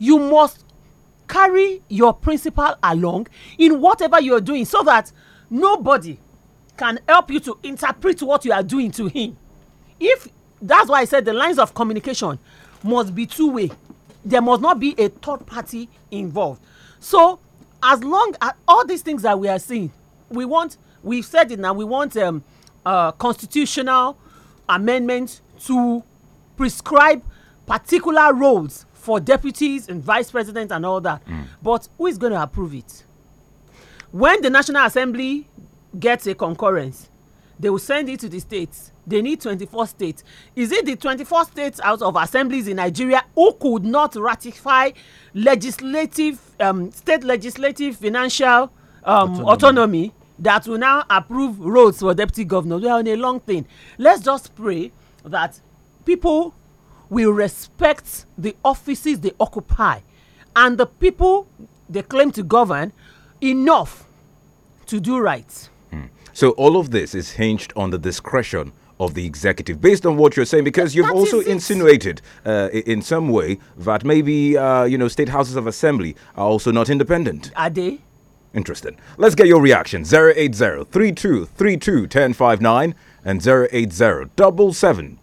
you must carry your principal along in whatever you are doing so that nobody can help you to interpret what you are doing to him if that's why i said the lines of communication must be two way there must not be a third party involved so as long as all these things that we are seeing we want we've said it now we want um, uh, constitutional amendment to prescribe particular roles for deputies and vice presidents and all that. Mm. But who is going to approve it? When the National Assembly gets a concurrence, they will send it to the states. They need 24 states. Is it the 24 states out of assemblies in Nigeria who could not ratify legislative, um, state legislative financial um, autonomy. autonomy that will now approve roads for deputy governors? We are on a long thing. Let's just pray that people will respect the offices they occupy and the people they claim to govern enough to do right. Hmm. So all of this is hinged on the discretion of the executive, based on what you're saying, because you've also insinuated uh, in some way that maybe uh, you know state houses of assembly are also not independent. Are they? Interesting. Let's get your reaction. 080-3232-1059 and 80 double seven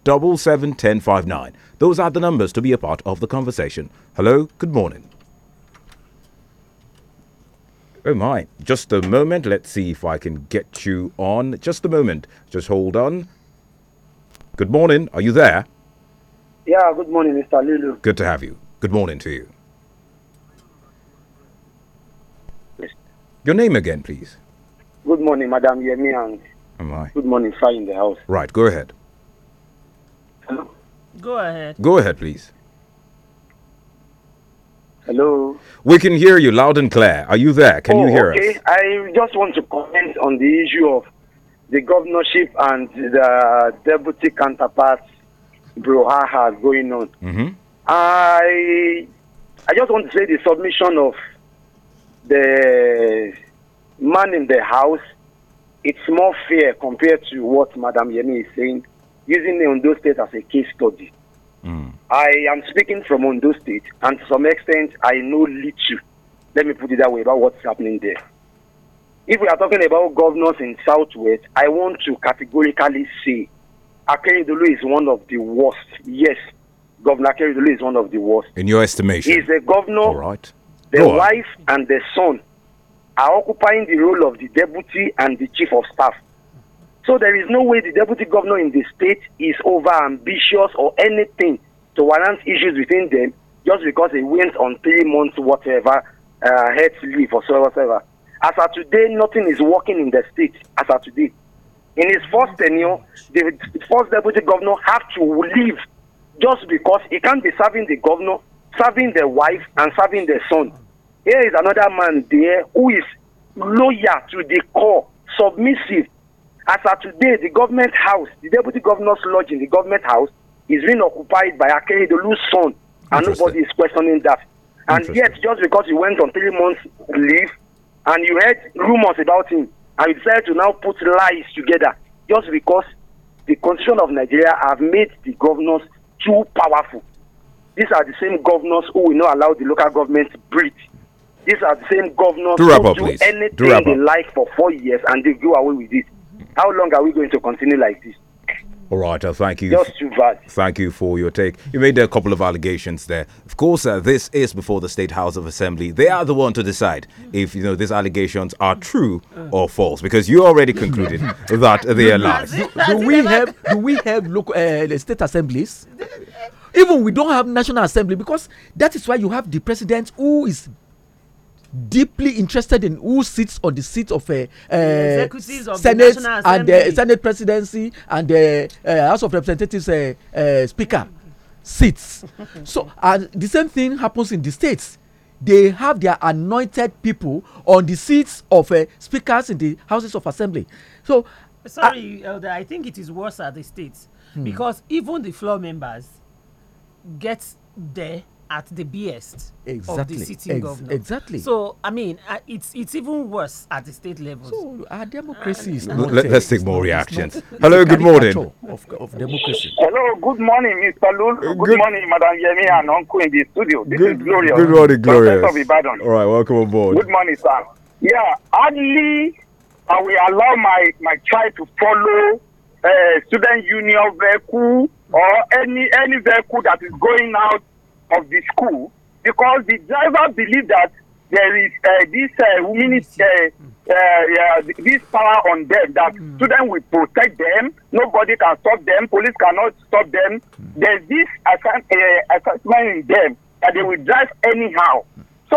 ten five nine. Those are the numbers to be a part of the conversation. Hello, good morning. Oh my, just a moment. Let's see if I can get you on. Just a moment. Just hold on. Good morning. Are you there? Yeah, good morning, Mr. Lulu. Good to have you. Good morning to you. Yes. Your name again, please. Good morning, Madam Yemi. oh my. Good morning, fine in the house. Right, go ahead. Hello. Go ahead. Go ahead, please. Hello. We can hear you loud and clear. Are you there? Can oh, you hear okay. us? I just want to comment on the issue of the governorship and the deputy counterparts brouhaha going on. Mm-hmm. I I just want to say the submission of the man in the house. It's more fair compared to what Madam Yemi is saying using Ondo State as a case study. Mm. I am speaking from Ondo State, and to some extent, I know little. Let me put it that way about what's happening there. If we are talking about governors in Southwest, I want to categorically say Akeredolu is one of the worst. Yes, Governor Akeredolu is one of the worst. In your estimation? He's the governor. All right. The wife and the son are occupying the role of the deputy and the chief of staff. So there is no way the deputy governor in the state is over ambitious or anything to warrant issues within them just because he went on three months, whatever, uh, head leave or so whatever. As of today, nothing is working in the state as of today. In his first tenure, the first deputy governor have to leave just because he can't be serving the governor, serving the wife, and serving the son. Here is another man there who is loyal to the core, submissive, as of today, the government house, the deputy governor's lodge in the government house, is being occupied by Akeredolu's son, and nobody is questioning that. And yet, just because he went on three months leave, and you heard rumors about him, and you decided to now put lies together, just because the constitution of Nigeria have made the governors too powerful. These are the same governors who will not allow the local government to breathe. These are the same governors do who up, do please. anything do they like for four years and they go away with it. How long are we going to continue like this? All right, uh, thank you. Just too bad. Thank you for your take. You made a couple of allegations there. Of course, uh, this is before the State House of Assembly. They are the one to decide if you know these allegations are true or false, because you already concluded that they are lies. Do, do we have do we have local uh, uh, state assemblies? Even we don't have national assembly because that is why you have the president who is deeply interested in who sits on the seat of a uh, uh senate and the senate presidency and the uh, house of representatives uh, uh speaker seats so and the same thing happens in the states they have their anointed people on the seats of uh, speakers in the houses of assembly so sorry elder i think it is worse at the states hmm. because even the floor members get there at the best exactly. of the sitting Ex governor. Exactly. So I mean, uh, it's it's even worse at the state level. So our democracy is uh, not. Let, us take more reactions. Hello, good morning. Of, of democracy. Hello, good morning, Mr. Lul. Uh, good, good, morning, Madam Yemi and Uncle in the studio. This good, is Gloria. Good morning, Gloria. All right, welcome aboard. Good morning, sir. Yeah, hardly I uh, will allow my my child to follow uh, student union vehicle or any any vehicle that is going out of the school because the driver believed that there is uh, this uh, humanity, uh, uh, this power on them that mm. students will protect them. Nobody can stop them. Police cannot stop them. Hmm. There's this assi- uh, assessment in them that they will drive anyhow. So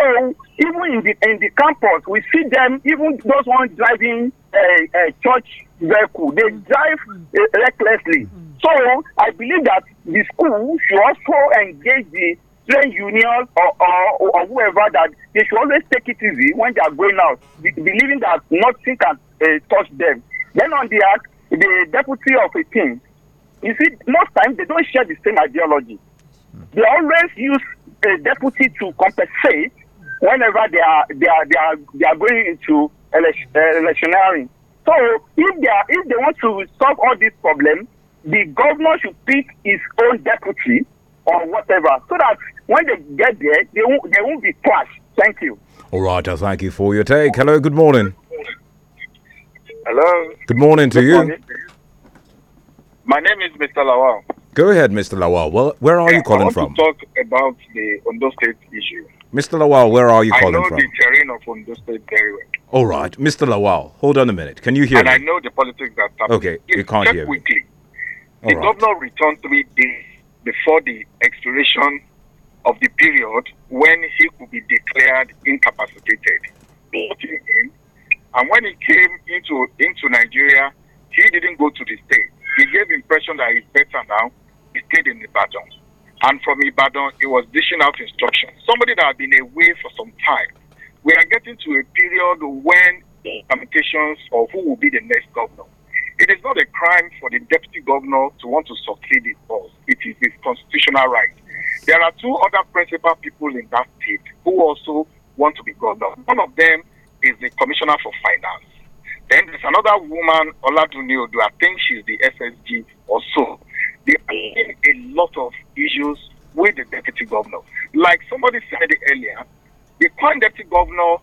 even in the in the campus, we see them. Even those ones driving a, a church vehicle, they hmm. drive uh, recklessly. Mm. So I believe that the school should also engage the trade union or, or, or whoever that they should always take it easy when they are going out, be, believing that nothing can uh, touch them. Then on the act, the deputy of a team, you see, most times they don't share the same ideology. They always use a deputy to compensate whenever they are they are they are they are going into election, uh, electioneering. So if they are if they want to solve all these problems, the governor should pick his own deputy or whatever so that when they get there, they won't, they won't be crushed. Thank you. All right, I thank you for your take. Hello, good morning. Hello. Good morning to good you. Morning. My name is Mr. Lawal. Go ahead, Mr. Lawal. Well, where are yeah, you calling I want from? To talk about the Ondo State issue. Mr. Lawal, where are you calling from? I know the terrain of Ondo State very well. All right, Mr. Lawal, hold on a minute. Can you hear and me? I know the politics that's happening. Okay, you can't hear quickly. me the right. governor returned three days before the expiration of the period when he could be declared incapacitated. Brought him and when he came into into Nigeria, he didn't go to the state. He gave impression that he's better now. He stayed in Ibadan, and from Ibadan, he was dishing out instructions. Somebody that had been away for some time. We are getting to a period when communications of who will be the next governor it is not a crime for the deputy governor to want to succeed his boss. It is his constitutional right. There are two other principal people in that state who also want to be governor. One of them is the commissioner for finance. Then there's another woman, Oladunio, I think she's the SSG or so. They are having a lot of issues with the deputy governor. Like somebody said earlier, the current deputy governor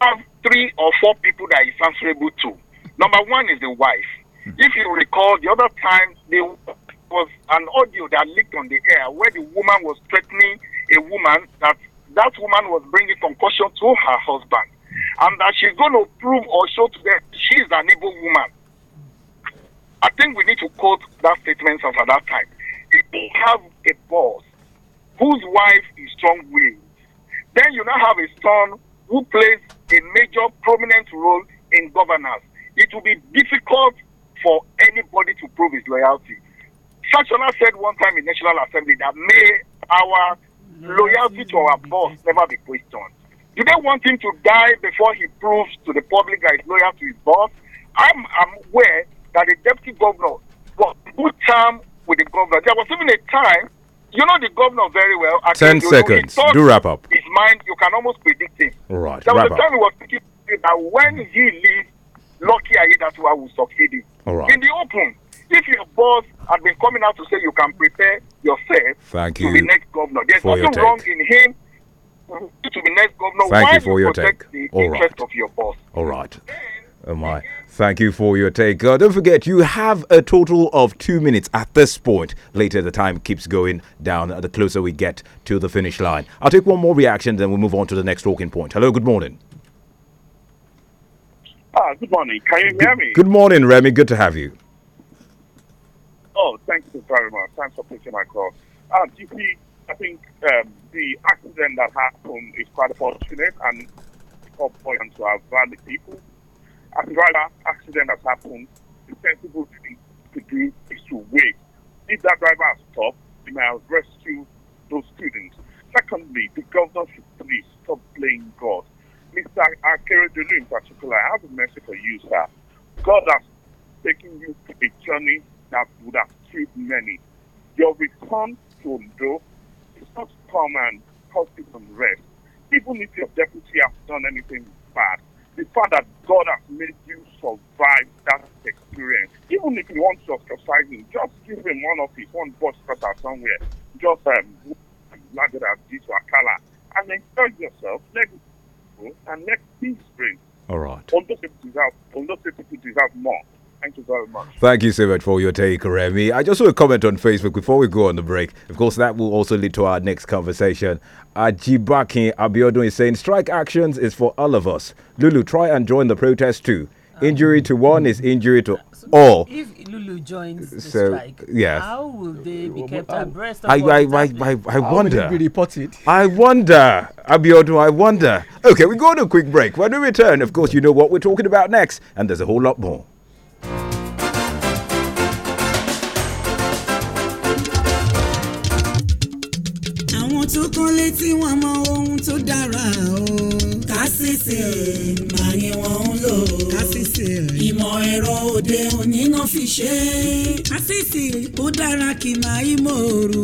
have three or four people that he's answerable to. Number one is the wife. Hmm. If you recall, the other time there was an audio that leaked on the air where the woman was threatening a woman that that woman was bringing concussion to her husband hmm. and that she's going to prove or show to them she's an evil woman. I think we need to quote that statement from that time. If you have a boss whose wife is strong willed, then you now have a son who plays a major prominent role in governance it will be difficult for anybody to prove his loyalty. Sashola said one time in National Assembly that may our loyalty to our boss never be questioned. Do they want him to die before he proves to the public that he's loyal to his boss? I'm, I'm aware that the deputy governor was put term with the governor. There was even a time, you know the governor very well. I Ten seconds. Do wrap up. His mind, you can almost predict it. Right. There was wrap a time up. he was thinking that when he leaves, lucky are you that you will succeed in. Right. In the open, if your boss had been coming out to say you can prepare yourself Thank you to be next governor, there's nothing wrong in him to be next governor. Thank you for you your take. The All interest right. of your boss. All right. Oh my. Thank you for your take. Uh, don't forget, you have a total of two minutes at this point. Later, the time keeps going down uh, the closer we get to the finish line. I'll take one more reaction, then we'll move on to the next talking point. Hello, good morning. Ah, good morning. Can you hear me? Good morning, Remy. Good to have you. Oh, thank you very much. Thanks for picking my call. Uh, ah, GP, I think um, the accident that happened is quite unfortunate and important to our valid people. As far as accident has happened, the sensible thing to do is to wait. If that driver has stopped, he might have rescued those students. Secondly, the governor should please stop playing God. Mr. Akeredolu in particular, I have a message for you, sir. God has taken you to a journey that would have killed many. Your return to Ondo is not come and cause people rest. Even if your deputy has done anything bad, the fact that God has made you survive that experience, even if you want to ostracize him, just give him one of his own bus cutter somewhere. Just um, like that, this or Akala, and enjoy yourself. Let people and let peace reign. All right. Although people deserve, although people deserve more. Thank you very much. Thank you so much for your take, Remy. I just want to comment on Facebook before we go on the break. Of course, that will also lead to our next conversation. Ajibaki Abiodun is saying strike actions is for all of us. Lulu, try and join the protest too. Um, injury to one is injury to all. If Lulu joins the so, strike, yes. how will they be kept well, abreast of I, I, I, I, I wonder. How will be reported? I wonder, Abiodu. I wonder. Okay, we go on a quick break. When we return, of course, you know what we're talking about next, and there's a whole lot more. àwọn tó létí wọn mọ ohun tó dára o. kásìsì mà ni wọ́n ń lò. kásìsì. ìmọ̀ ẹ̀rọ òde òní náà fi ṣe é. kásìsì ó dára kì máa í mòrú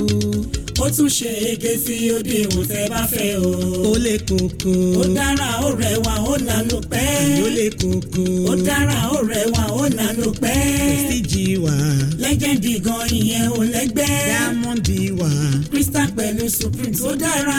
ó tún ṣe ege sí odi ìwọ̀n tẹ́ bá fẹ́ o. ó le koko. ó dára ó rẹwà ó là ló pẹ́. ó le koko. ó dára ó rẹwà ó là ló pẹ́. èsì jì wá. lẹ́gẹ̀dì gan ìyẹn ò lẹ́gbẹ́. dáàmọ́ndì wá. crystal pẹ̀lú supreme tó dára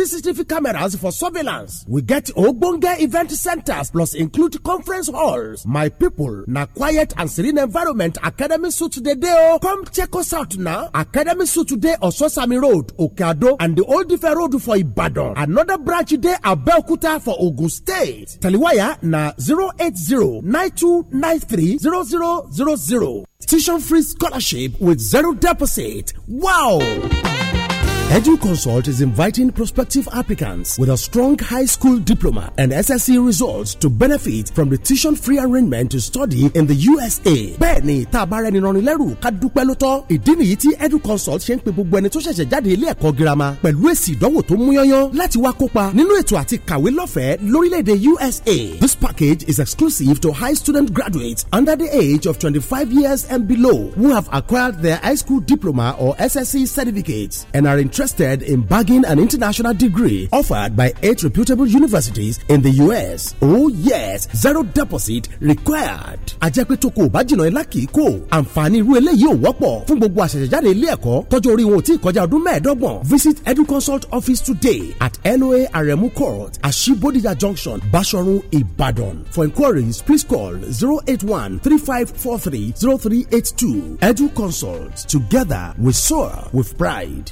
CCTV cameras for surveillance. We get Ogbonge event centers plus include conference halls. My people, na quiet and serene environment Academy Suit today, dey o. Come check us out now. Academy Suit today on Sosami Road, Okeado and the Old Ife Road for Ibadan. Another branch at Belkuta for Ogun State. Taliwaya na 080 9293 0000. Tuition free scholarship with zero deposit. Wow! EduConsult is inviting prospective applicants with a strong high school diploma and SSC results to benefit from the tuition-free arrangement to study in the USA. Bẹ́ẹ̀ni, tá a bá rẹ́ni rọrin lẹ́rù ká dúpẹ́ ló tọ́. Ìdí nìyí tí EduConsult ṣe ń pe gbogbo ẹni tó ṣẹ̀ṣẹ̀ jáde ilé ẹ̀kọ́ girama pẹ̀lú èsì ìdánwò tó múyányán láti wá kópa nínú ètò àti kàwé lọ́fẹ̀ẹ́ lórílẹ̀‐èdè USA. This package is exclusive to high student graduates under the age of 25 years and below who have acquired their high school diploma or SSC certificates and are interested interested in bagging an international degree offered by eight reputable universities in the US? Oh, yes, zero deposit required. Àjẹpẹ́ tó kò bá jìnnà ilá kìí kò. Àǹfààní irú eléyìí ò wọ́pọ̀ fún gbogbo àṣẹ̀ṣẹ̀jáde ilé ẹ̀kọ́ tọ́jú orí wọn ò tí ì kọjá ọdún mẹ́ẹ̀ẹ́dọ́gbọ̀n. Visit EduConsult office today at LOA Aremu Court, Ashibodija Junction, Bashorun, Ibadan. For inquiries, please call 081 3543 0382. EduConsult, together we soar with pride.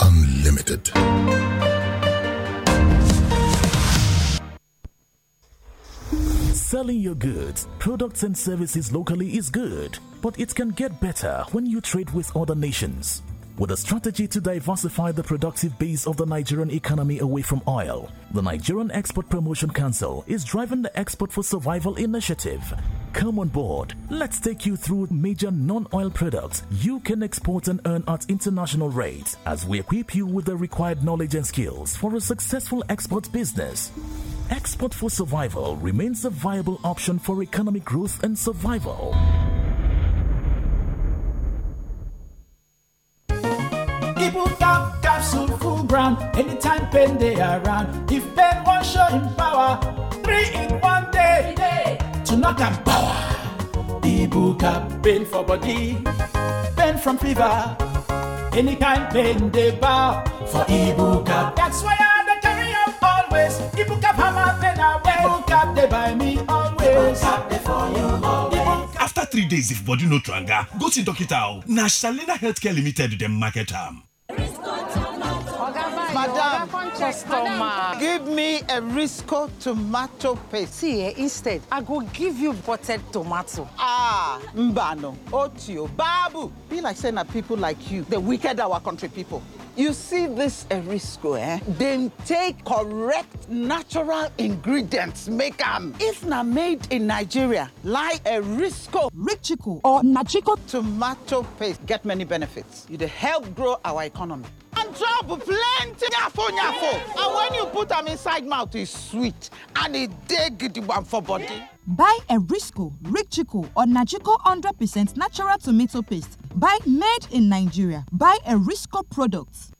Unlimited. Selling your goods, products, and services locally is good, but it can get better when you trade with other nations. With a strategy to diversify the productive base of the Nigerian economy away from oil, the Nigerian Export Promotion Council is driving the Export for Survival initiative. Come on board. Let's take you through major non oil products you can export and earn at international rates as we equip you with the required knowledge and skills for a successful export business. Export for Survival remains a viable option for economic growth and survival. People tap, tap suit full ground. Anytime pen they around. If pen one show in power, three in one day. day. To knock and power. People cap pain for body, pain from fever. Any kind pain they bow for Ibuka. That's why I the carry up always. Ibuka hammer pen away. Ibuka they buy me always. Ibuka they for you always. After three days, if body no tranga, go see doctor. Oh. Nash Salina Healthcare Limited, them market arm. Responsible. Madam, customer. Give me a Risco tomato paste. See, eh, instead, I go give you buttered tomato. Ah, mbano, otio, babu. Be like saying that people like you, the wicked our country people. You see this erisco, eh, eh? They take correct natural ingredients, make them. If not made in Nigeria, like erisco, richiko, or nachiko tomato paste, get many benefits. You help grow our economy. and drop plenty nyafo nyafo and when you put am inside mouth e sweet and e dey gidigba for body. Buy Enrisco, Richico, or Najiko 100% natural tomato paste. Buy made in Nigeria. Buy Enrisco products.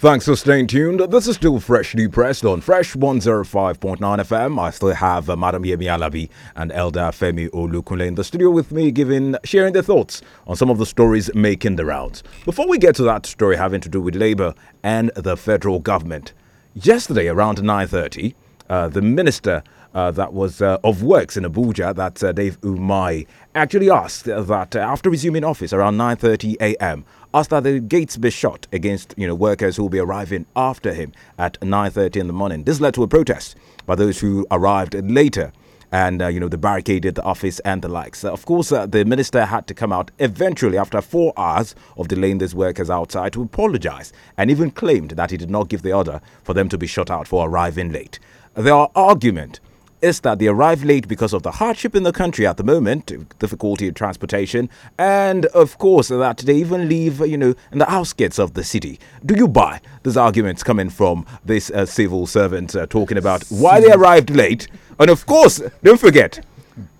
Thanks for staying tuned. This is still freshly pressed on Fresh 105.9 FM. I still have uh, Madam Yemi Alabi and Elder Femi Olukunle in the studio with me, giving sharing their thoughts on some of the stories making the rounds. Before we get to that story having to do with Labour and the federal government, yesterday around 9:30, uh, the minister uh, that was uh, of works in Abuja, that uh, Dave Umai, actually asked that after resuming office around 9:30 a.m., after the gates be shut against you know workers who will be arriving after him at 9.30 in the morning. This led to a protest by those who arrived later and uh, you know they barricaded the office and the likes. of course, uh, the minister had to come out eventually after four hours of delaying these workers outside to apologise and even claimed that he did not give the order for them to be shut out for arriving late. There are arguments is that they arrive late because of the hardship in the country at the moment, difficulty in transportation, and of course that they even leave, you know, in the outskirts of the city. Do you buy these arguments coming from this uh, civil servant uh, talking about why they arrived late? And of course, don't forget,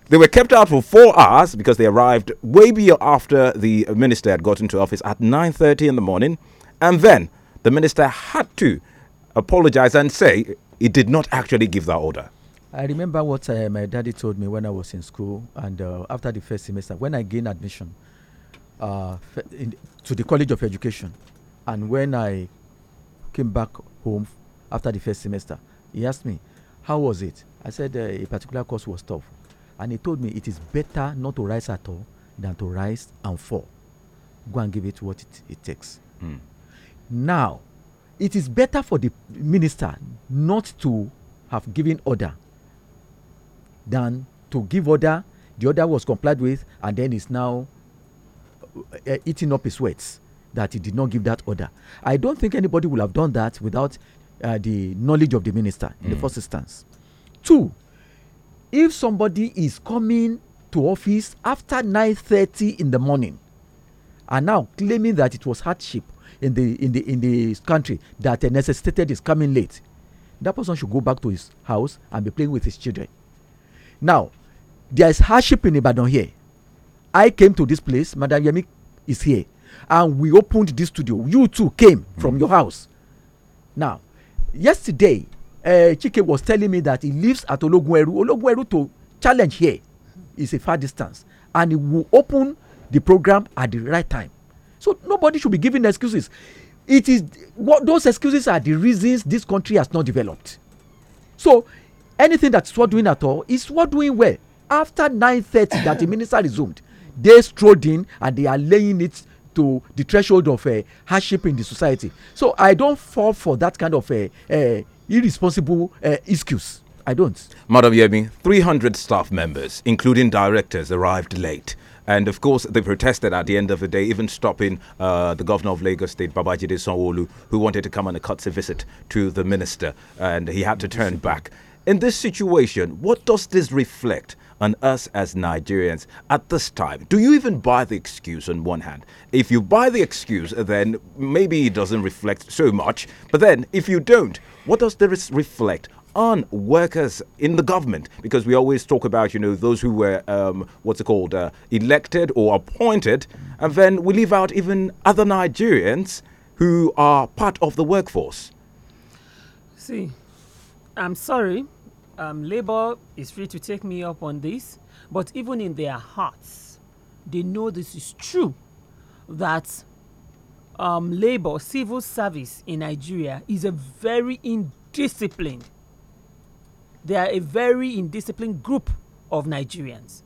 they were kept out for four hours because they arrived way after the minister had got into office at 9.30 in the morning. And then the minister had to apologize and say he did not actually give that order. I remember what uh, my daddy told me when I was in school, and uh, after the first semester, when I gained admission uh, in, to the College of Education, and when I came back home after the first semester, he asked me, How was it? I said, uh, A particular course was tough. And he told me, It is better not to rise at all than to rise and fall. Go and give it what it, it takes. Mm. Now, it is better for the minister not to have given order than to give order. The order was complied with, and then is now uh, uh, eating up his words that he did not give that order. I don't think anybody will have done that without uh, the knowledge of the minister in mm. the first instance. Two, if somebody is coming to office after 9:30 in the morning and now claiming that it was hardship in the in the in the country that necessitated his coming late, that person should go back to his house and be playing with his children. Now, there is hardship in Ibadan here. I came to this place, Madam Yemi is here, and we opened this studio. You too came mm. from your house. Now, yesterday, uh, Chike was telling me that he lives at Ologunweru. Ologunweru to challenge here is a far distance, and he will open the program at the right time. So nobody should be giving excuses. It is what those excuses are the reasons this country has not developed. So anything that's sword doing at all is sword doing well after nine thirty that the minister resumed they strode in and they are laying it to the threshold of uh, hardship in the society so i don't fall for that kind of uh, uh, irresponsible excuse i don't. madam yemi three hundred staff members including directors arrived late. And of course, they protested at the end of the day, even stopping uh, the governor of Lagos State, Babajide sanwo who wanted to come on a courtesy visit to the minister, and he had to turn back. In this situation, what does this reflect on us as Nigerians at this time? Do you even buy the excuse on one hand? If you buy the excuse, then maybe it doesn't reflect so much. But then, if you don't, what does this reflect on workers in the government because we always talk about you know those who were um, what's it called uh, elected or appointed and then we leave out even other nigerians who are part of the workforce see i'm sorry um, labor is free to take me up on this, but even in their hearts, they know this is true that um, labor, civil service in Nigeria is a very indisciplined. They are a very indisciplined group of Nigerians.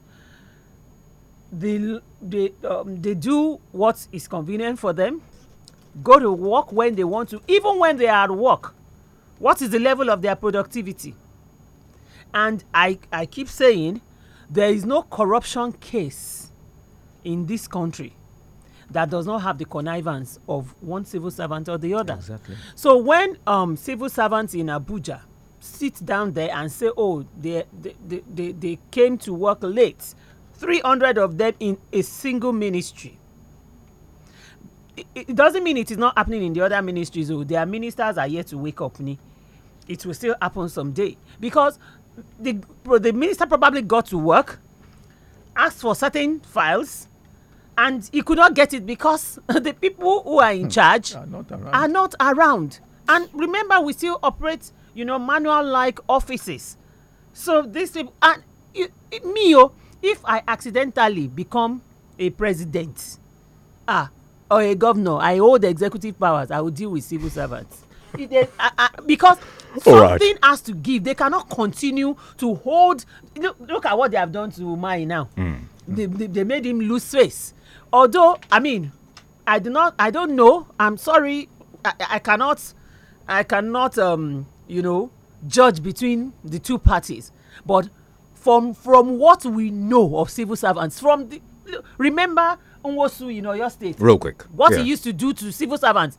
They, they, um, they do what is convenient for them, go to work when they want to, even when they are at work. What is the level of their productivity? And I, I keep saying there is no corruption case in this country that does not have the connivance of one civil servant or the other. Exactly. So when um, civil servants in Abuja sit down there and say, oh, they, they, they, they, came to work late, 300 of them in a single ministry. It, doesn't mean it is not happening in the other ministries. Oh, their ministers are yet to wake up. It will still happen someday because the, the minister probably got to work, asked for certain files, and he could not get it because the people who are in hmm. charge are, not are not around. And remember, we still operate, you know, manual like offices. So this, and it, it, me, oh, if I accidentally become a president, ah, or a governor, I hold executive powers, I will deal with civil servants. It, uh, uh, because Something right. has to give. They cannot continue to hold. Look, look at what they have done to Umayi now. Mm. They, they, they, made him lose face. Although, I mean, I do not. I don't know. I'm sorry. I, I cannot. I cannot. Um, you know, judge between the two parties. But from from what we know of civil servants, from the, remember Nwosu in Oyo State. Real quick. What yeah. he used to do to civil servants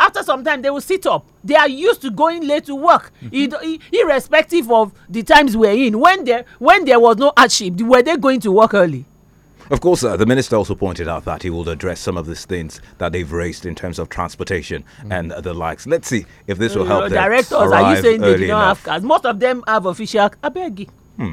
after some time they will sit up they are used to going late to work mm-hmm. irrespective of the times we're in when there when there was no hardship were they going to work early of course, uh, the minister also pointed out that he will address some of these things that they've raised in terms of transportation mm. and the likes. Let's see if this will uh, help. Uh, directors, are you saying they do not enough. have cars? Most of them have official abegi. Hmm.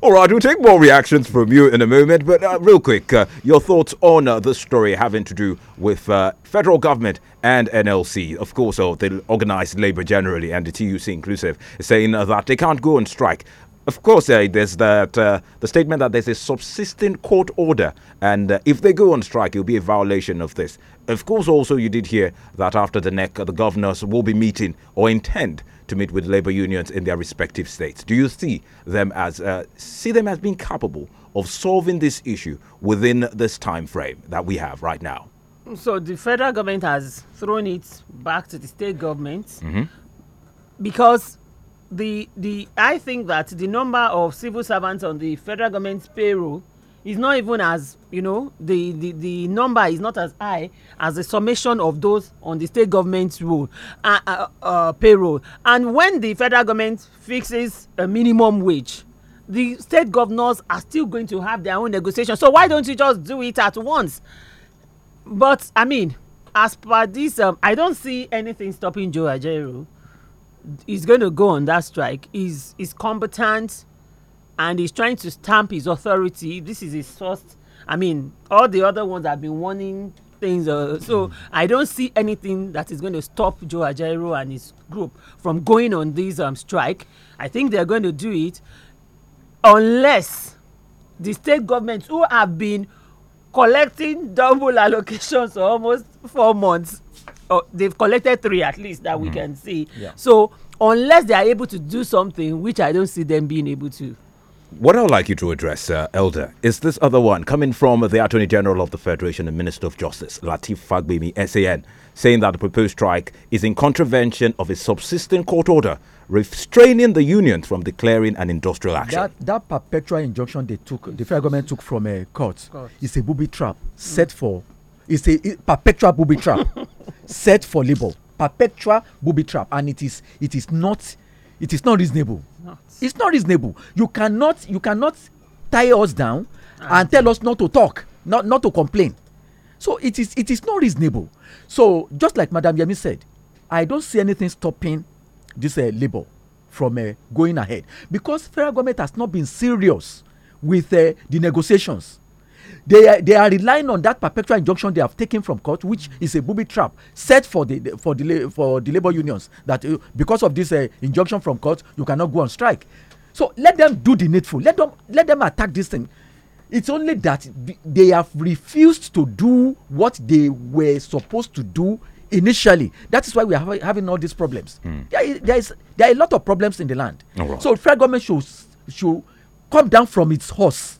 All right, we'll take more reactions from you in a moment, but uh, real quick, uh, your thoughts on uh, this story having to do with uh, federal government and NLC, of course, or oh, the organised labour generally and the TUC inclusive, saying uh, that they can't go on strike. Of course, uh, there's that the statement that there's a subsisting court order, and if they go on strike, it'll be a violation of this. Of course, also you did hear that after the neck, the governors will be meeting or intend to meet with labor unions in their respective states. Do you see them as uh, see them as being capable of solving this issue within this time frame that we have right now? So the federal government has thrown it back to the state governments mm-hmm. because the the I think that the number of civil servants on the federal government's payroll is not even as you know the, the the number is not as high as the summation of those on the state government's uh, uh, uh, payroll and when the federal government fixes a minimum wage the state governors are still going to have their own negotiation so why don't you just do it at once but i mean as per this um, i don't see anything stopping joe ajero he's going to go on that strike he's he's competent and he's trying to stamp his authority. This is his first. I mean, all the other ones have been warning things. Uh, so mm. I don't see anything that is going to stop Joe Ajaero and his group from going on this um, strike. I think they're going to do it unless the state governments who have been collecting double allocations for almost four months oh, they've collected three at least that mm. we hmm. can see yeah. so unless they are able to do something which i don't see them being able to what I would like you to address, uh, Elder, is this other one coming from the Attorney General of the Federation and Minister of Justice, Latif Fagbemi, SAN, saying that the proposed strike is in contravention of a subsisting court order restraining the unions from declaring an industrial action. That, that perpetual injunction they took, the federal government took from a uh, court, court. is a booby trap set for, it's a it, perpetual booby trap set for labor, perpetual booby trap, and it is it is not it is not reasonable not. it's not reasonable you cannot you cannot tie us down and, ah, and tell us not to talk not not to complain so it is it is not reasonable so just like madam yemi said i don't see anything stopping this uh, labour from uh, going ahead because federal government has not been serious with uh, the negotiations they are, they are relying on that perpetual injunction they have taken from court, which is a booby trap set for the, for the for the labor unions that uh, because of this uh, injunction from court, you cannot go on strike. So let them do the needful. Let them let them attack this thing. It's only that they have refused to do what they were supposed to do initially. That is why we are having all these problems. Mm. There, is, there is there are a lot of problems in the land. Right. Oh, so federal government should should come down from its horse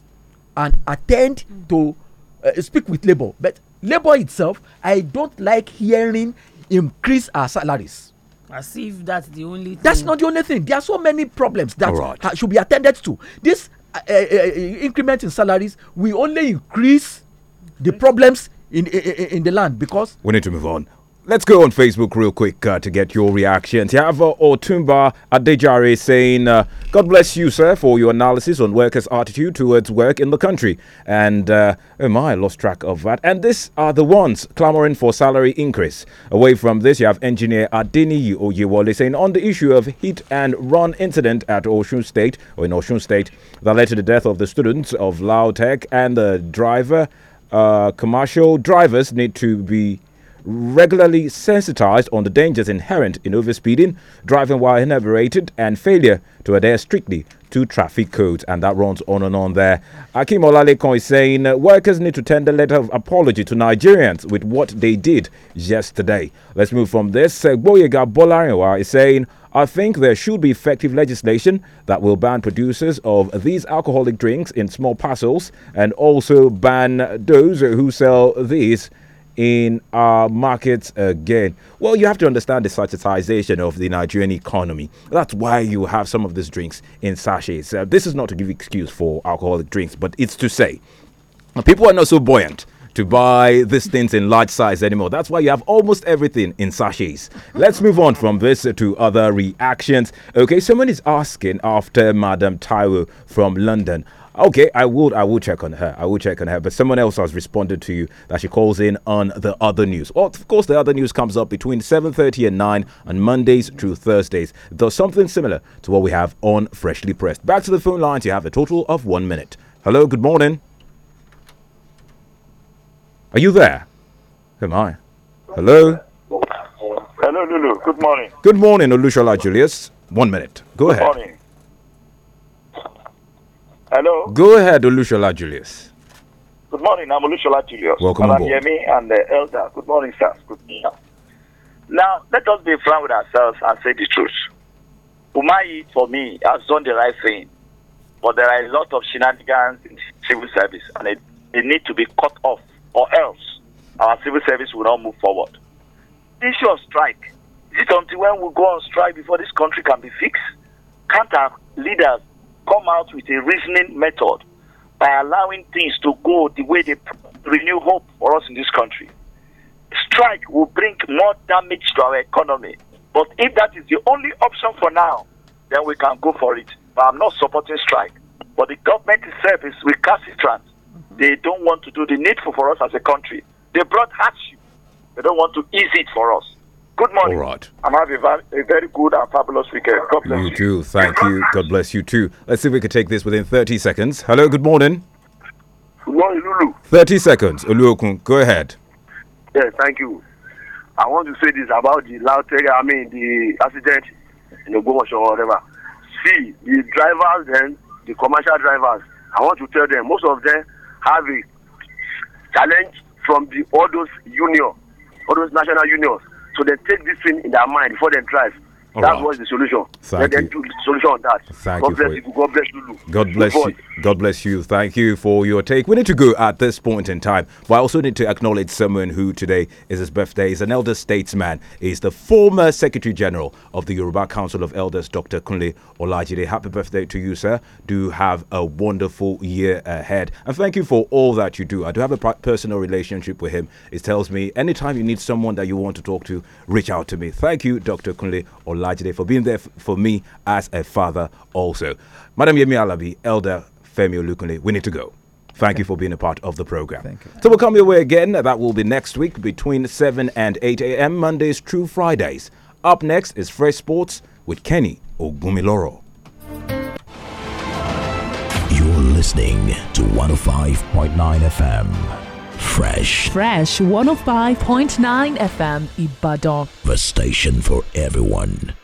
and attend mm. to uh, speak with labor. But labor itself, I don't like hearing increase our salaries. As if that's the only thing. That's not the only thing. There are so many problems that right. should be attended to. This uh, uh, uh increment in salaries will only increase the problems in, in, in the land because. We need to move on. Let's go on Facebook real quick uh, to get your reactions. You have uh, Otumba Adejare saying, uh, God bless you, sir, for your analysis on workers' attitude towards work in the country. And uh, oh my, I lost track of that. And these are the ones clamoring for salary increase. Away from this, you have engineer Adini Oyewole saying, on the issue of hit and run incident at Oshun State, or in Oshun State, that led to the death of the students of Tech and the driver, uh, commercial drivers need to be regularly sensitized on the dangers inherent in overspeeding, driving while inebriated, and failure to adhere strictly to traffic codes. And that runs on and on there. Akim Olalekon is saying uh, workers need to tender a letter of apology to Nigerians with what they did yesterday. Let's move from this. Uh, Boyega Bolarinwa is saying, I think there should be effective legislation that will ban producers of these alcoholic drinks in small parcels and also ban those who sell these in our markets again. Well, you have to understand the satirization of the Nigerian economy. That's why you have some of these drinks in sachets. Uh, this is not to give excuse for alcoholic drinks, but it's to say people are not so buoyant to buy these things in large size anymore. That's why you have almost everything in sachets. Let's move on from this to other reactions. Okay, someone is asking after Madam Taiwo from London. Okay, I will. I will check on her. I will check on her. But someone else has responded to you that she calls in on the other news. Well, of course, the other news comes up between 7:30 and 9 on Mondays through Thursdays, though something similar to what we have on Freshly Pressed. Back to the phone lines. You have a total of one minute. Hello. Good morning. Are you there? Who Am I? Hello. Hello, Lulu. Good morning. Good morning, Olushola Julius. One minute. Go Good ahead. Morning. Hello. Go ahead, Olushola Julius. Good morning. I'm Olushola Julius. Welcome Madam aboard. Yemi and the elder. Good morning, sir. Good morning. Now, let us be frank with ourselves and say the truth. Umayi, for me, has done the right thing, but there are a lot of shenanigans in civil service, and it, it need to be cut off, or else our civil service will not move forward. The issue of strike. Is it until when we go on strike before this country can be fixed? Can't our leaders come out with a reasoning method by allowing things to go the way they renew hope for us in this country. Strike will bring more damage to our economy. But if that is the only option for now, then we can go for it. But I'm not supporting strike. But the government itself is recalcitrant. mm mm-hmm. They don't want to do the needful for us as a country. They brought hardship. They don't want to ease it for us. Good morning. All right. I'm having a very good and fabulous weekend. God bless you. too. Thank you. God bless you too. Let's see if we could take this within 30 seconds. Hello, good morning. Good morning, Lulu. 30 seconds. Uluokun, go ahead. Yeah, thank you. I want to say this about the loud, I mean, the accident in Ogbomoso or whatever. See, the drivers then, the commercial drivers, I want to tell them, most of them have a challenge from the all those union, all those national unions So they take this thing in their mind before they drive. that right. was the solution. Thank Let you. solution on that. Thank God you bless you. God bless you. God bless you. God bless you. Thank you for your take. We need to go at this point in time, but I also need to acknowledge someone who today is his birthday. He's an elder statesman. He's the former Secretary General of the Yoruba Council of Elders, Dr. Kunle Olajide. Happy birthday to you, sir. Do have a wonderful year ahead. And thank you for all that you do. I do have a personal relationship with him. It tells me anytime you need someone that you want to talk to, reach out to me. Thank you, Dr. Kunle Olajide. Olajide for being there for me as a father also. Madam Yemi Alabi, Elder Femi Olukunle, we need to go. Thank okay. you for being a part of the program. Thank you. So we'll come your way again. That will be next week between 7 and 8 a.m. Mondays through Fridays. Up next is Fresh Sports with Kenny Ogumiloro. You're listening to 105.9 FM. Fresh. Fresh 105.9 FM Ibadan. The station for everyone.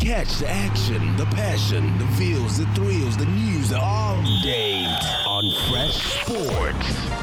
Catch the action, the passion, the feels, the thrills, the news all day on Fresh Sports.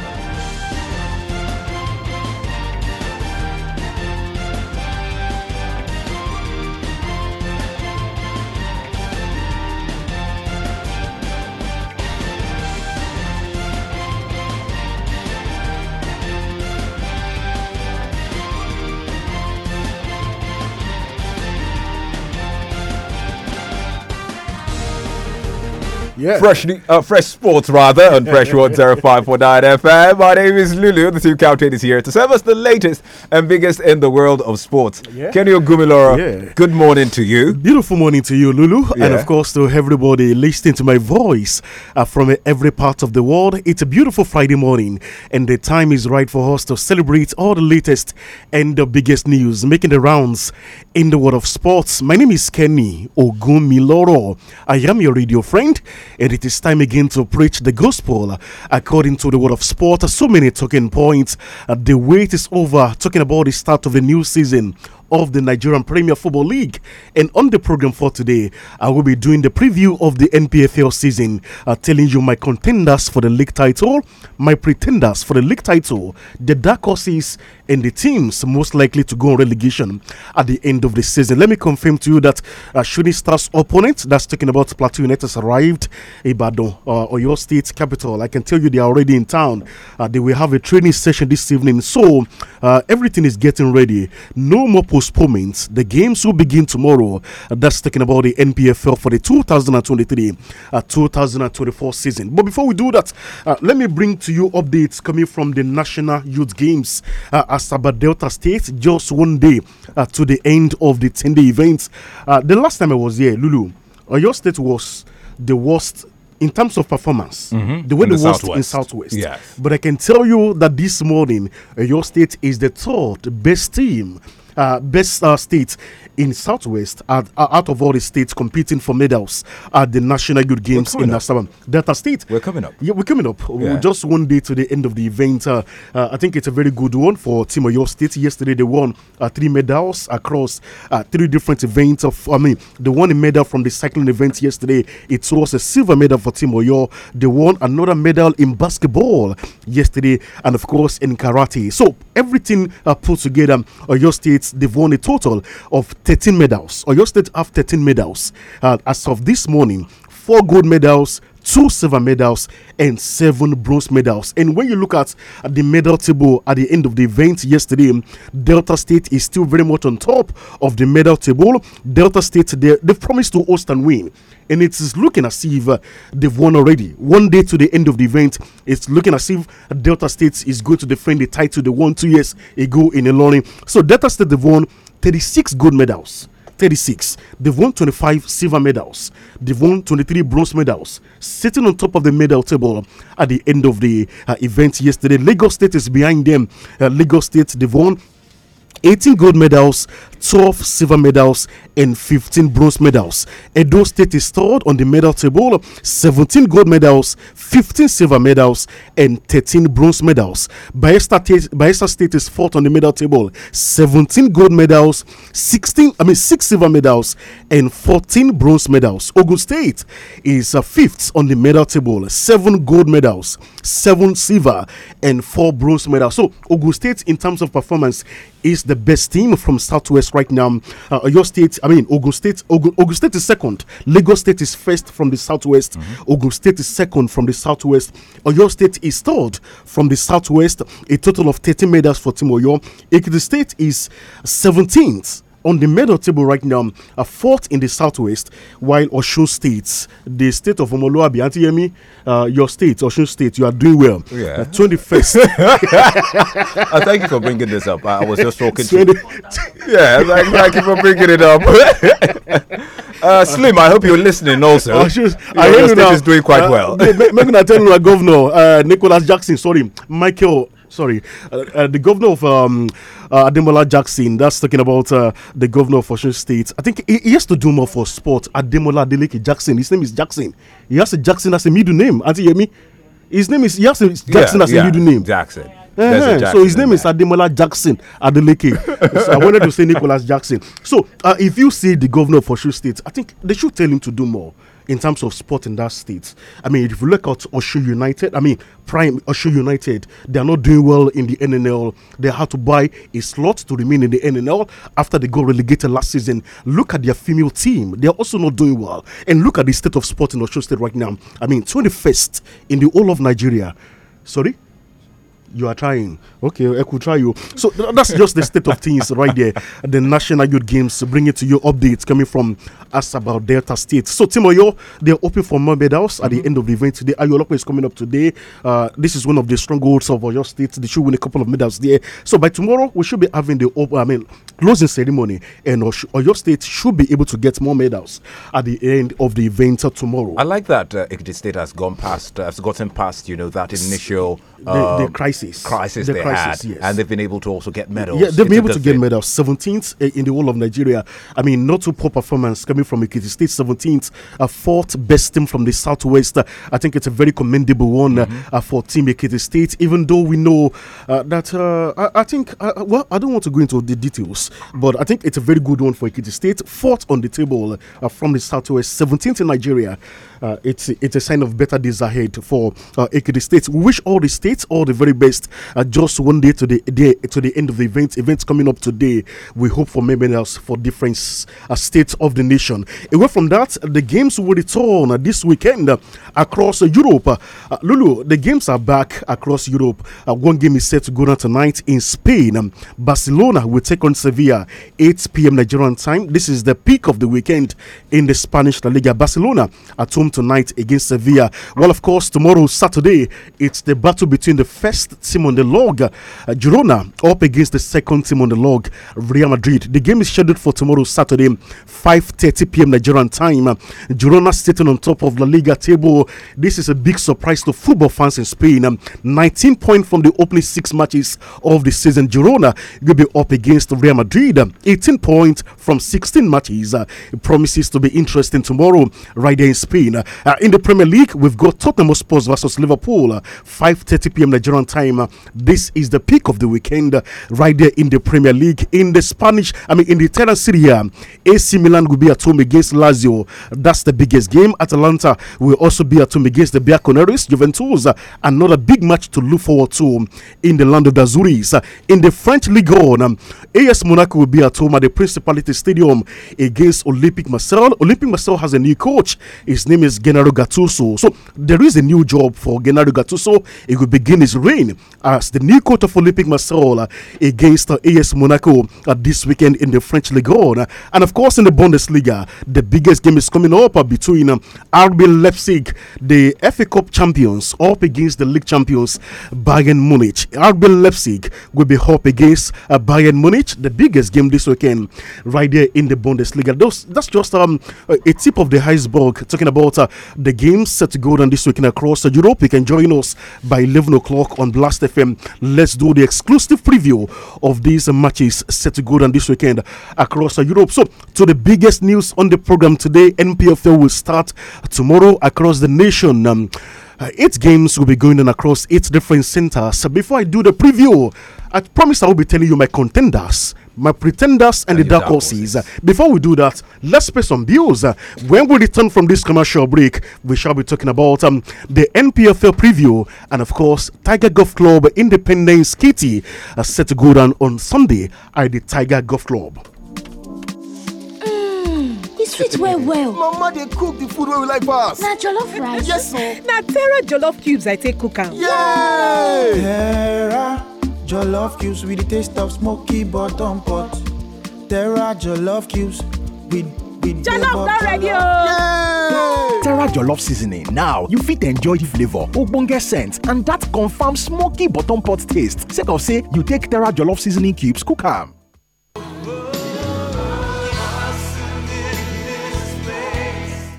Yeah. Fresh, uh, fresh sports rather on fresh 0549 FM. My name is Lulu. The team captain is here to serve us the latest and biggest in the world of sports. Yeah. Kenny Ogumiloro. yeah. good morning to you. Beautiful morning to you, Lulu, yeah. and of course to everybody listening to my voice uh, from every part of the world. It's a beautiful Friday morning, and the time is right for us to celebrate all the latest and the biggest news making the rounds in the world of sports. My name is Kenny Ogumiloro. I am your radio friend and it is time again to preach the gospel according to the word of sport. So many talking points. Uh, the wait is over. Talking about the start of the new season of the Nigerian Premier Football League. And on the program for today, I will be doing the preview of the NPFL season, uh, telling you my contenders for the league title, my pretenders for the league title, the dark horses, and the teams most likely to go on relegation at the end of the season. Let me confirm to you that uh, Shooting Stars opponent, that's talking about Plateau United, has arrived. Ibadan, uh, or your state capital. I can tell you they are already in town. Uh, they will have a training session this evening. So uh, everything is getting ready. No more postponements. The games will begin tomorrow. That's talking about the NPFL for the 2023 uh, 2024 season. But before we do that, uh, let me bring to you updates coming from the National Youth Games uh, at Sabah Delta State just one day uh, to the end of the 10 day event. Uh, the last time I was here, Lulu, your state was the worst in terms of performance, mm -hmm. the way in the, the worst Southwest. in Southwest. Yes. But I can tell you that this morning, uh, your state is the third best team uh, best uh, state in Southwest at, uh, out of all the states competing for medals at the National Youth Games in Nassau. Delta State. We're coming up. Yeah, we're coming up. Yeah. We're just one day to the end of the event. Uh, uh, I think it's a very good one for Team Oyo State. Yesterday they won uh, three medals across uh, three different events. Of I mean, they won a medal from the cycling event yesterday. It was a silver medal for Team Oyo. They won another medal in basketball yesterday, and of course in karate. So everything uh, put together, Oyo State States, they've won a total of 13 medals. Oyo State have 13 medals. Uh, as of this morning, four gold medals, two silver medals and seven bronze medals. And when you look at the medal table at the end of the event yesterday, Delta State is still very much on top of the medal table. Delta State, they, they promised to host and win. And it is looking as if uh, they've won already. One day to the end of the event, it's looking as if Delta State is going to defend the title they won two years ago in Ilorin. So Delta State, they've won 36 gold medals. 36. They've won 25 silver medals. They've won 23 bronze medals. Sitting on top of the medal table at the end of the uh, event yesterday. Lagos State is behind them. Uh, Lagos State, they've won 18 gold medals, 12 silver medals and 15 bronze medals. Edo State is third on the medal table, 17 gold medals, 15 silver medals, and 13 bronze medals. Bayelsa State is fourth on the medal table, 17 gold medals, 16, I mean, 6 silver medals, and 14 bronze medals. Ogun State is uh, fifth on the medal table, 7 gold medals, 7 silver, and 4 bronze medals. So, Ogun State, in terms of performance, is the best team from Southwest right now. Uh, your state, I mean, Ogun State, Ogun, Ogun State is second. Lagos State is first from the southwest. Mm -hmm. Ogun State is second from the southwest. Oyo State is third from the southwest. A total of 13 medals for Timoyo. Oyo. Ekiti State is 17th on the medal table right now a fourth in the southwest, while Oshun State, the state of Omoluabi, Auntie Yemi, uh, your state, Oshun State, you are doing well. Yeah. Uh, 21st. I thank you for bringing this up. I, I was just talking to you. yeah, thank, thank you for bringing it up. uh, Slim, I hope you're listening also. Uh, I hear your you state now. is doing quite uh, well. Maybe I tell you, Governor uh, Nicholas Jackson, sorry, Michael sorry, uh, uh, the governor of um, uh, Ademola Jackson, that's talking about the governor of Oshun State. I think he, he, has to do more for sport. Ademola Adeleke Jackson, his name is Jackson. He has a Jackson as a middle name. Auntie me? his name is, he has a Jackson yeah, as yeah, a middle name. Jackson. Uh -huh. So his name is Ademola Jackson Adeleke. so I wanted to say Nicholas Jackson. So uh, if you see the governor of Oshun State, I think they should tell him to do more in terms of sport in that state. I mean, if you look at Oshu United, I mean, Prime Oshu United, they are not doing well in the NNL. They had to buy a slot to remain in the NNL after they got relegated last season. Look at their female team, they are also not doing well. And look at the state of sport in Oshu State right now. I mean, 21st in the whole of Nigeria. Sorry? you are trying. Okay, I could try you. So that's just the state of things right there. The National Youth Games bring it to you updates coming from us about Delta State. So Timoyo, they're open for more mm -hmm. at the mm-hmm. end of the event today. Ayolokwe is coming up today. Uh, this is one of the strongholds of your state. They should win a couple of medals there. So by tomorrow, we should be having the open, I mean, closing ceremony, and your state should be able to get more medals at the end of the event tomorrow. I like that uh, State has gone past, has gotten past, you know, that initial the, the um, crisis, crisis the they crisis, had, yes. and they've been able to also get medals. Yeah, they've been able to get medals. Seventeenth eh, in the whole of Nigeria. I mean, not too poor performance coming from Ekiti State. Seventeenth, a fourth best team from the southwest. I think it's a very commendable one mm -hmm. for Team Ekiti State. Even though we know uh, that uh, I, I, think, well, I don't want to go into the details, but I think it's a very good one for Ekiti State. Fourth on the table from the southwest, seventeenth in Nigeria. Uh, it's it's a sign of better days ahead for uh, Ekiti State. We wish all the states all the very best. Uh, just one day to the day to the end of the event. Events coming up today. We hope for many else for different uh, states of the nation. Away from that, the games will return uh, this weekend across Europe. Lulu, the games are back across Europe. one game is set to go on tonight in Spain. Um, Barcelona will take on Sevilla 8 p.m. Nigerian time. This is the peak of the weekend in the Spanish La Liga. Barcelona at home tonight against Sevilla. Well, of course, tomorrow, Saturday, it's the battle between the first team on the log, uh, Girona, up against the second team on the log, Real Madrid. The game is scheduled for tomorrow, Saturday, 5.30 p.m. Nigerian time. Gerona Girona sitting on top of La Liga table. This is a big surprise to football fans in Spain. Um, 19 points from the opening six matches of the season. Girona will be up against Real Madrid. Um, 18 points from 16 matches. Uh, it promises to be interesting tomorrow right there in Spain. Uh, in the Premier League, we've got Tottenham Sports versus Liverpool, 5:30 uh, p.m. Nigerian time. Uh, this is the peak of the weekend, right there in the Premier League. In the Spanish, I mean, in the Italian City, A, AC Milan will be at home against Lazio. That's the biggest game. Atalanta will also be at home against the Bianconeros. Juventus, another big match to look forward to in the land of the Azuris. in the French League 1, um, AS Monaco will be at home at the Principality Stadium against Olympic Marseille. Olympic Marseille has a new coach. His name is Gennaro Gattuso. So there is a new job for Gennaro Gattuso. He will begin his reign as the new coach of Olympic Marseille against AS Monaco at this weekend in the French Ligue 1. and of course, in the Bundesliga, the biggest game is coming up between RB Leipzig, the FA Cup champions, up against the league champions Bayern Munich. RB Leipzig will be up against uh, Bayern Munich the biggest game this weekend, right there in the Bundesliga. Those, that's just um, a tip of the iceberg, talking about uh, the games set to go on this weekend across Europe. You can join us by 11 o'clock on Blast FM. Let's do the exclusive preview of these matches set to go on this weekend across Europe. So, to the biggest news on the program today, NPFL will start tomorrow across the nation. Um, uh, eight games will be going on across eight different centers. Before I do the preview, I promise I will be telling you my contenders, my pretenders, and, and the dark, horses. horses. Before we do that, let's pay some bills. When we return from this commercial break, we shall be talking about um, the NPFL preview and, of course, Tiger Golf Club Independence Kitty uh, set to go down on Sunday at the Tiger Golf Club. e mm, sweet well well mama they cook the food wey we like fast. Natural jollof rice yes o now terra jollof cubes i take cook out. yay terra Jollof cubes with the taste of smoky bottom pot. Terra Jollof cubes with with Jollof don ready o. Terra Jollof seasoning now you fit enjoy the flavour, ogbonge scent and that confirms smoky bottom pot taste sake of say you take Terra Jollof seasoning cubes cook am.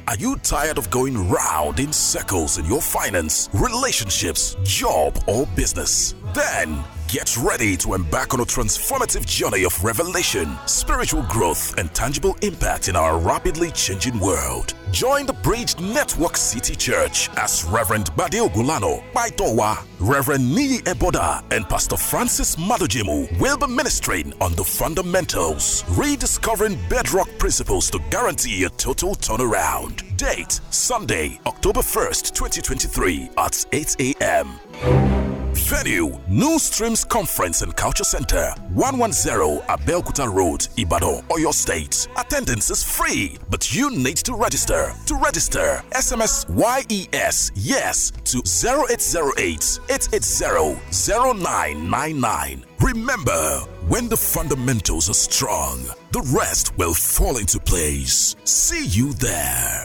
Are you tired of going round in circles in your finance, relationships, job, or business? Then Get ready to embark on a transformative journey of revelation, spiritual growth, and tangible impact in our rapidly changing world. Join the Bridge Network City Church as Reverend Bade Ogulano, Baitowa, Reverend Nii Eboda, and Pastor Francis Madujimu will be ministering on the fundamentals, rediscovering bedrock principles to guarantee a total turnaround. Date Sunday, October 1st, 2023 at 8 a.m. Venue, New Streams Conference and Culture Center, 110 Abelkuta Road, Ibadan, Oyo State. Attendance is free, but you need to register. To register, SMS YES YES to 0808 880 0999. Remember, when the fundamentals are strong, the rest will fall into place. See you there.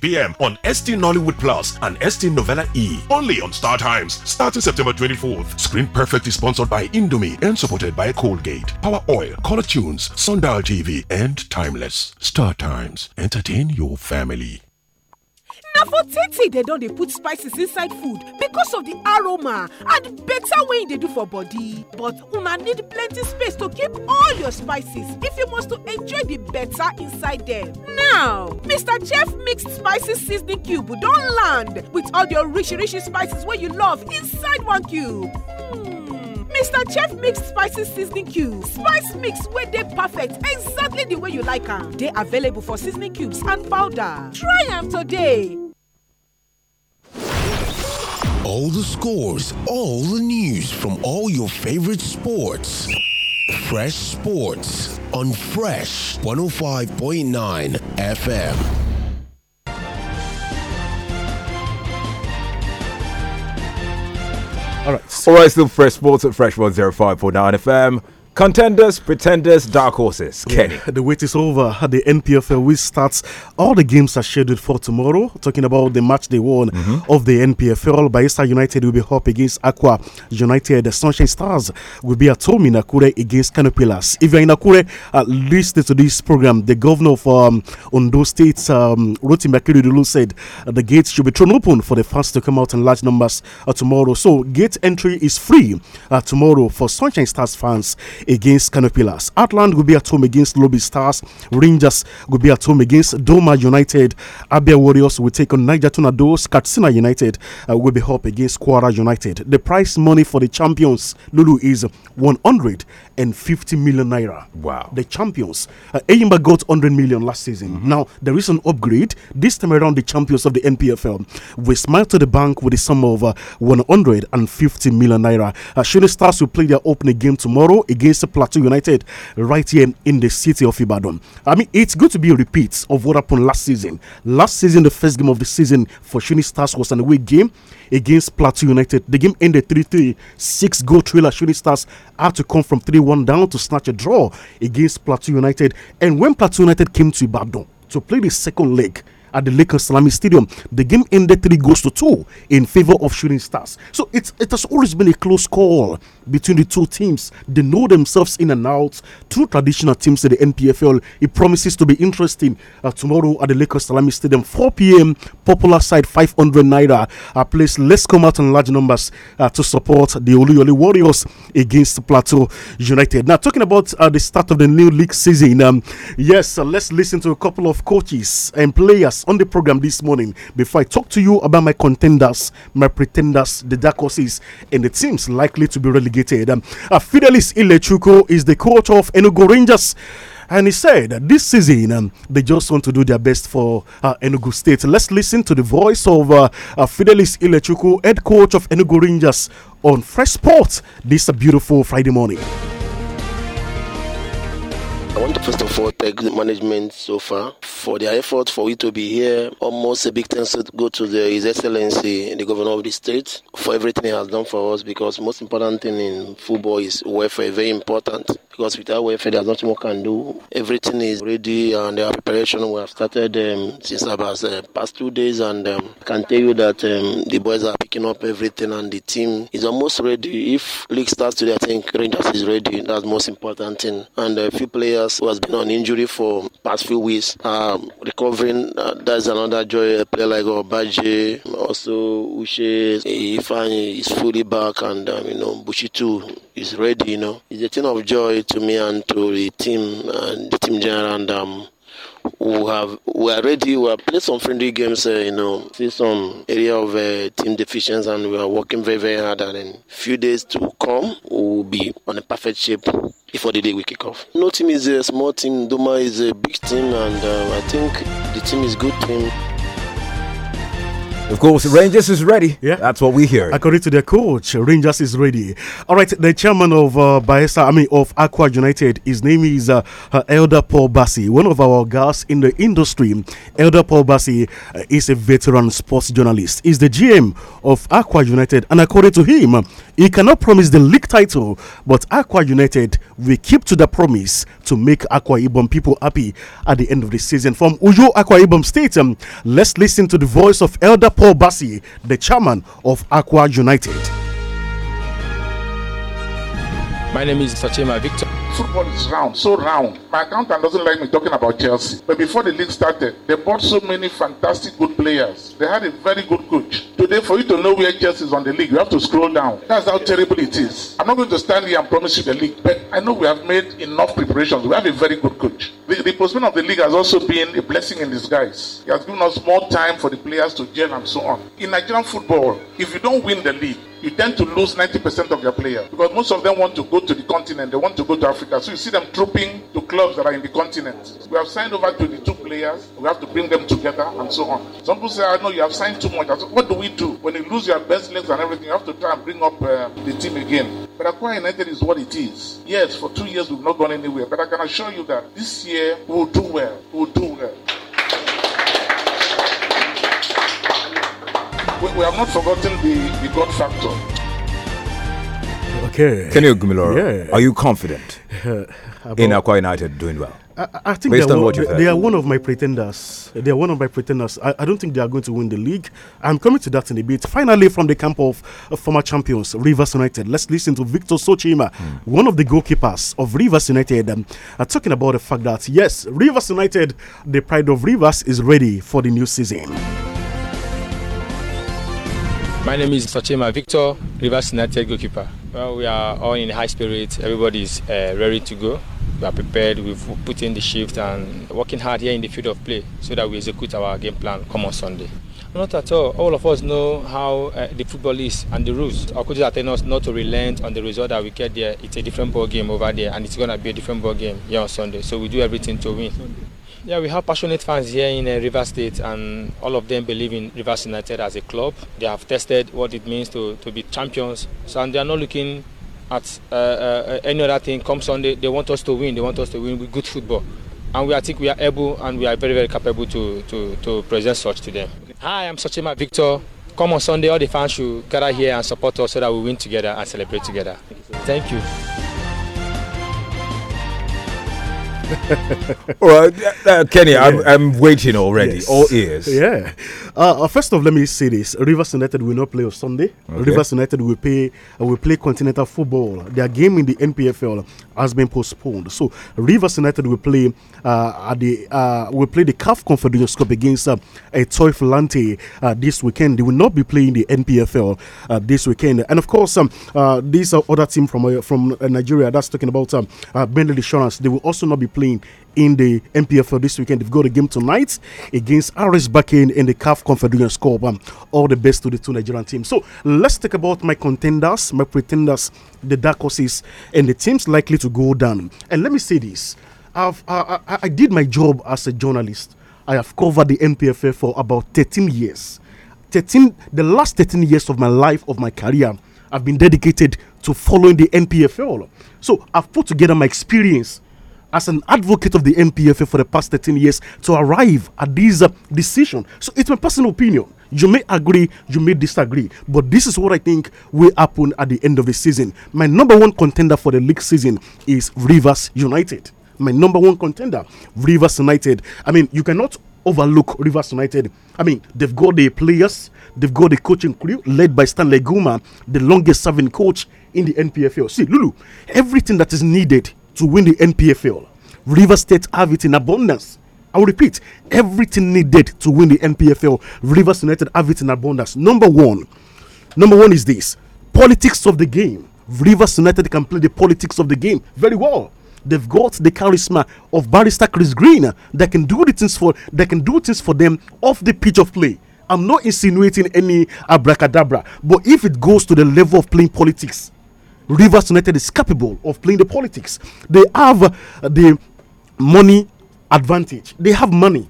8 p.m. on ST Nollywood Plus and ST Novella E. Only on Star Times, starting September 24th. Screen Perfect is sponsored by Indomie and supported by Colgate, Power Oil, Color Tunes, Sundial TV, and Timeless. Star Times, entertain your family. na for tete dem don dey put spices inside food because of the aroma and better wey e dey do for body but una need plenty space to keep all your spices if you must to enjoy the better inside them. Now, Mr. Chef Mixed Spices Seasoning Cube don land with all your richy-richy spices wey you love inside one cube. Mr. Hmm, Chef Mix Spices Seasoning Cube. Spice mix where they perfect exactly the way you like am. Dey available for seasoning cubes and powder. Try am today. all the scores, all the news from all your favorite sports. Fresh Sports on Fresh 105.9 FM. All right. All right, still Fresh Sports at Fresh 105.9 FM. Contenders, pretenders, dark horses. Kenny. Yeah, the wait is over. The NPFL which starts. All the games are scheduled for tomorrow. Talking about the match they won mm -hmm. of the NPFL. Bayesta United will be up against Aqua United. The Sunshine Stars will be at home in Akure against Canopilas. If you're in Akure, uh, listen to this program. The governor of um, Ondo State, um, Roti Makirudulu, said uh, the gates should be thrown open for the fans to come out in large numbers uh, tomorrow. So gate entry is free uh, tomorrow for Sunshine Stars fans against Canopilas. Atland will be at home against Lobby Stars. Rangers will be at home against Doma United. Abia Warriors will take on Niger Tornadoes. Katsina United uh, will be up against Quara United. The prize money for the champions, Lulu, is 150 million naira. Wow. The champions. Uh, Eyimba got 100 million last season. Mm -hmm. Now, there is an upgrade. This time around, the champions of the NPFL will smile to the bank with a sum of uh, 150 million naira. Uh, Shooting Stars will play their opening game tomorrow against face Plateau United right here in the city of Ibadan. I mean, it's going to be a repeat of what happened last season. Last season, the first game of the season for Shuni Stars was an away game against Plateau United. The game ended 3 3. Six goal trailer Shuni Stars had to come from 3 1 down to snatch a draw against Plateau United. And when Plateau United came to Ibadan to play the second leg, at the Lakers Salami Stadium. The game ended three goals to two in favor of Shooting Stars. So it's, it has always been a close call between the two teams. They know themselves in and out. Two traditional teams in the NPFL. It promises to be interesting uh, tomorrow at the Lakers Salami Stadium, 4 p.m. Popular side 500 naira. A place. let's come out in large numbers uh, to support the Oluyole Warriors against Plateau United. Now talking about uh, the start of the new league season. Um, yes, uh, let's listen to a couple of coaches and players on the program this morning before I talk to you about my contenders, my pretenders, the dark horses, and the teams likely to be relegated. Um, uh, Fidelis Ilechuko is the coach of Enugu Rangers. And he said that this season um, they just want to do their best for uh, Enugu State. Let's listen to the voice of uh, uh, Fidelis Ilechuku, head coach of Enugu Rangers, on Fresh Sports this beautiful Friday morning. I want to first of all thank the management so far for their effort for we to be here. Almost a big thanks to go to the, His Excellency, the Governor of the State, for everything he has done for us because most important thing in football is welfare, very important because without welfare, there's nothing we can do. Everything is ready, and the preparation we have started um, since about uh, past two days, and um, I can tell you that um, the boys are picking up everything, and the team is almost ready. If league starts today, I think Rangers is ready. That's most important thing. And a few players who has been on injury for past few weeks are recovering. Uh, that's another joy. A player like Obaje, also Uche, Ifan is fully back, and um, you know Bushi too is ready. You know, it's a thing of joy to me and to the team and the team general and um, we have we are ready. We have played some friendly games, uh, you know, see some area of uh, team deficiency, and we are working very very hard. And in few days to come, we will be on a perfect shape before the day we kick off. No team is a small team. Duma is a big team, and uh, I think the team is good team. Of course, Rangers is ready. Yeah, that's what we hear. According to their coach, Rangers is ready. All right, the chairman of uh, Baesa, I mean of Aqua United, his name is uh, uh, Elder Paul Bassi, one of our guys in the industry. Elder Paul Bassi uh, is a veteran sports journalist. He's the GM of Aqua United, and according to him, he cannot promise the league title, but Aqua United will keep to the promise to make Aqua Ibom people happy at the end of the season. From Uyo Aqua Ibom State, um, let's listen to the voice of Elder Paul Bassi, the chairman of Aqua United. My name is Fatima Victor football is round, so round. My accountant doesn't like me talking about Chelsea. But before the league started, they bought so many fantastic good players. They had a very good coach. Today, for you to know where Chelsea is on the league, you have to scroll down. That's how terrible it is. I'm not going to stand here and promise you the league, but I know we have made enough preparations. We have a very good coach. The, the postman of the league has also been a blessing in disguise. He has given us more time for the players to gel and so on. In Nigerian football, if you don't win the league, you tend to lose 90% of your players because most of them want to go to the continent, they want to go to Africa. Africa. So you see them trooping to clubs that are in the continent. We have signed over 22 players. We have to bring them together and so on. Some people say, I know you have signed too much. I said, what do we do? When you lose your best legs and everything, you have to try and bring up uh, the team again. But Aqua United is what it is. Yes, for two years we've not gone anywhere. But I can assure you that this year we'll do well. We'll do well. we, have not forgotten the, the God factor. Okay. Kenny Ogumiloro, yeah. are you confident in Aqua United doing well? I, I think Based on what you they are one of my pretenders. They are one of my pretenders. I, I, don't think they are going to win the league. I'm coming to that in a bit. Finally, from the camp of former champions, Rivers United, let's listen to Victor Sochima, mm. one of the goalkeepers of Rivers United, um, uh, talking about the fact that, yes, Rivers United, the pride of Rivers, is ready for the new season. My name is Sochema Victor, Rivers United goalkeeper. Well, we are all in high spirits. Everybody is uh, ready to go. We are prepared. We've put in the shift and working hard here in the field of play so that we execute our game plan come on Sunday. Not at all. All of us know how uh, the football is and the rules. Our coaches are telling us not to relent on the result that we get there. It's a different ball game over there, and it's going to be a different ball game here on Sunday. So we do everything to win. Yeah, we have passionate fans here in uh, River State, and all of them believe in Rivers United as a club. They have tested what it means to, to be champions, so, and they are not looking at uh, uh, any other thing. Come Sunday, they want us to win. They want us to win with good football, and we I think we are able and we are very very capable to to, to present such to them. Hi, I'm Sochima Victor. Come on Sunday, all the fans should gather here and support us so that we win together and celebrate together. Thank you. All right, uh, uh Kenny, yeah. I'm, I'm waiting already. Yes. All ears. Yeah. Uh, uh first off, let me say this: Rivers United will not play on Sunday. Okay. Rivers United will play uh, will play continental football. Their game in the NPFL has been postponed. So Rivers United will play uh, at the uh, will play the CAF Confederation Cup against uh, a Toy uh, this weekend. They will not be playing the NPFL uh, this weekend. And of course, um, uh, uh other team from from Nigeria that's talking about um, Bentley Insurance, they will also not be playing in the NPFL this weekend. They've got a game tonight against RS Bakken in the CAF Confederation Cup. Um, all the best to the two Nigerian teams. So let's talk about my contenders, my pretenders, the dark horses, and the teams likely to go down. And let me say this: I've, I, I, I did my job as a journalist. I have covered the NPFL for about 13 years. 13, the last 13 years of my life, of my career, I've been dedicated to following the NPFL. So I've put together my experience as an advocate of the MPFA for the past 13 years to arrive at this uh, decision. So it's my personal opinion. You may agree, you may disagree, but this is what I think will happen at the end of the season. My number one contender for the league season is Rivers United. My number one contender, Rivers United. I mean, you cannot overlook Rivers United. I mean, they've got the players, they've got the coaching crew led by Stanley Guma, the longest serving coach in the NPFL. See, Lulu, everything that is needed to win the NPFL. River State have it in abundance. I will repeat everything needed to win the NPFL. River United have it in abundance. Number one, number one is this politics of the game. Rivers United can play the politics of the game very well. They've got the charisma of barrister Chris Green that can do the things for that can do things for them off the pitch of play. I'm not insinuating any abracadabra, but if it goes to the level of playing politics, Rivers United is capable of playing the politics. They have uh, the money advantage. They have money.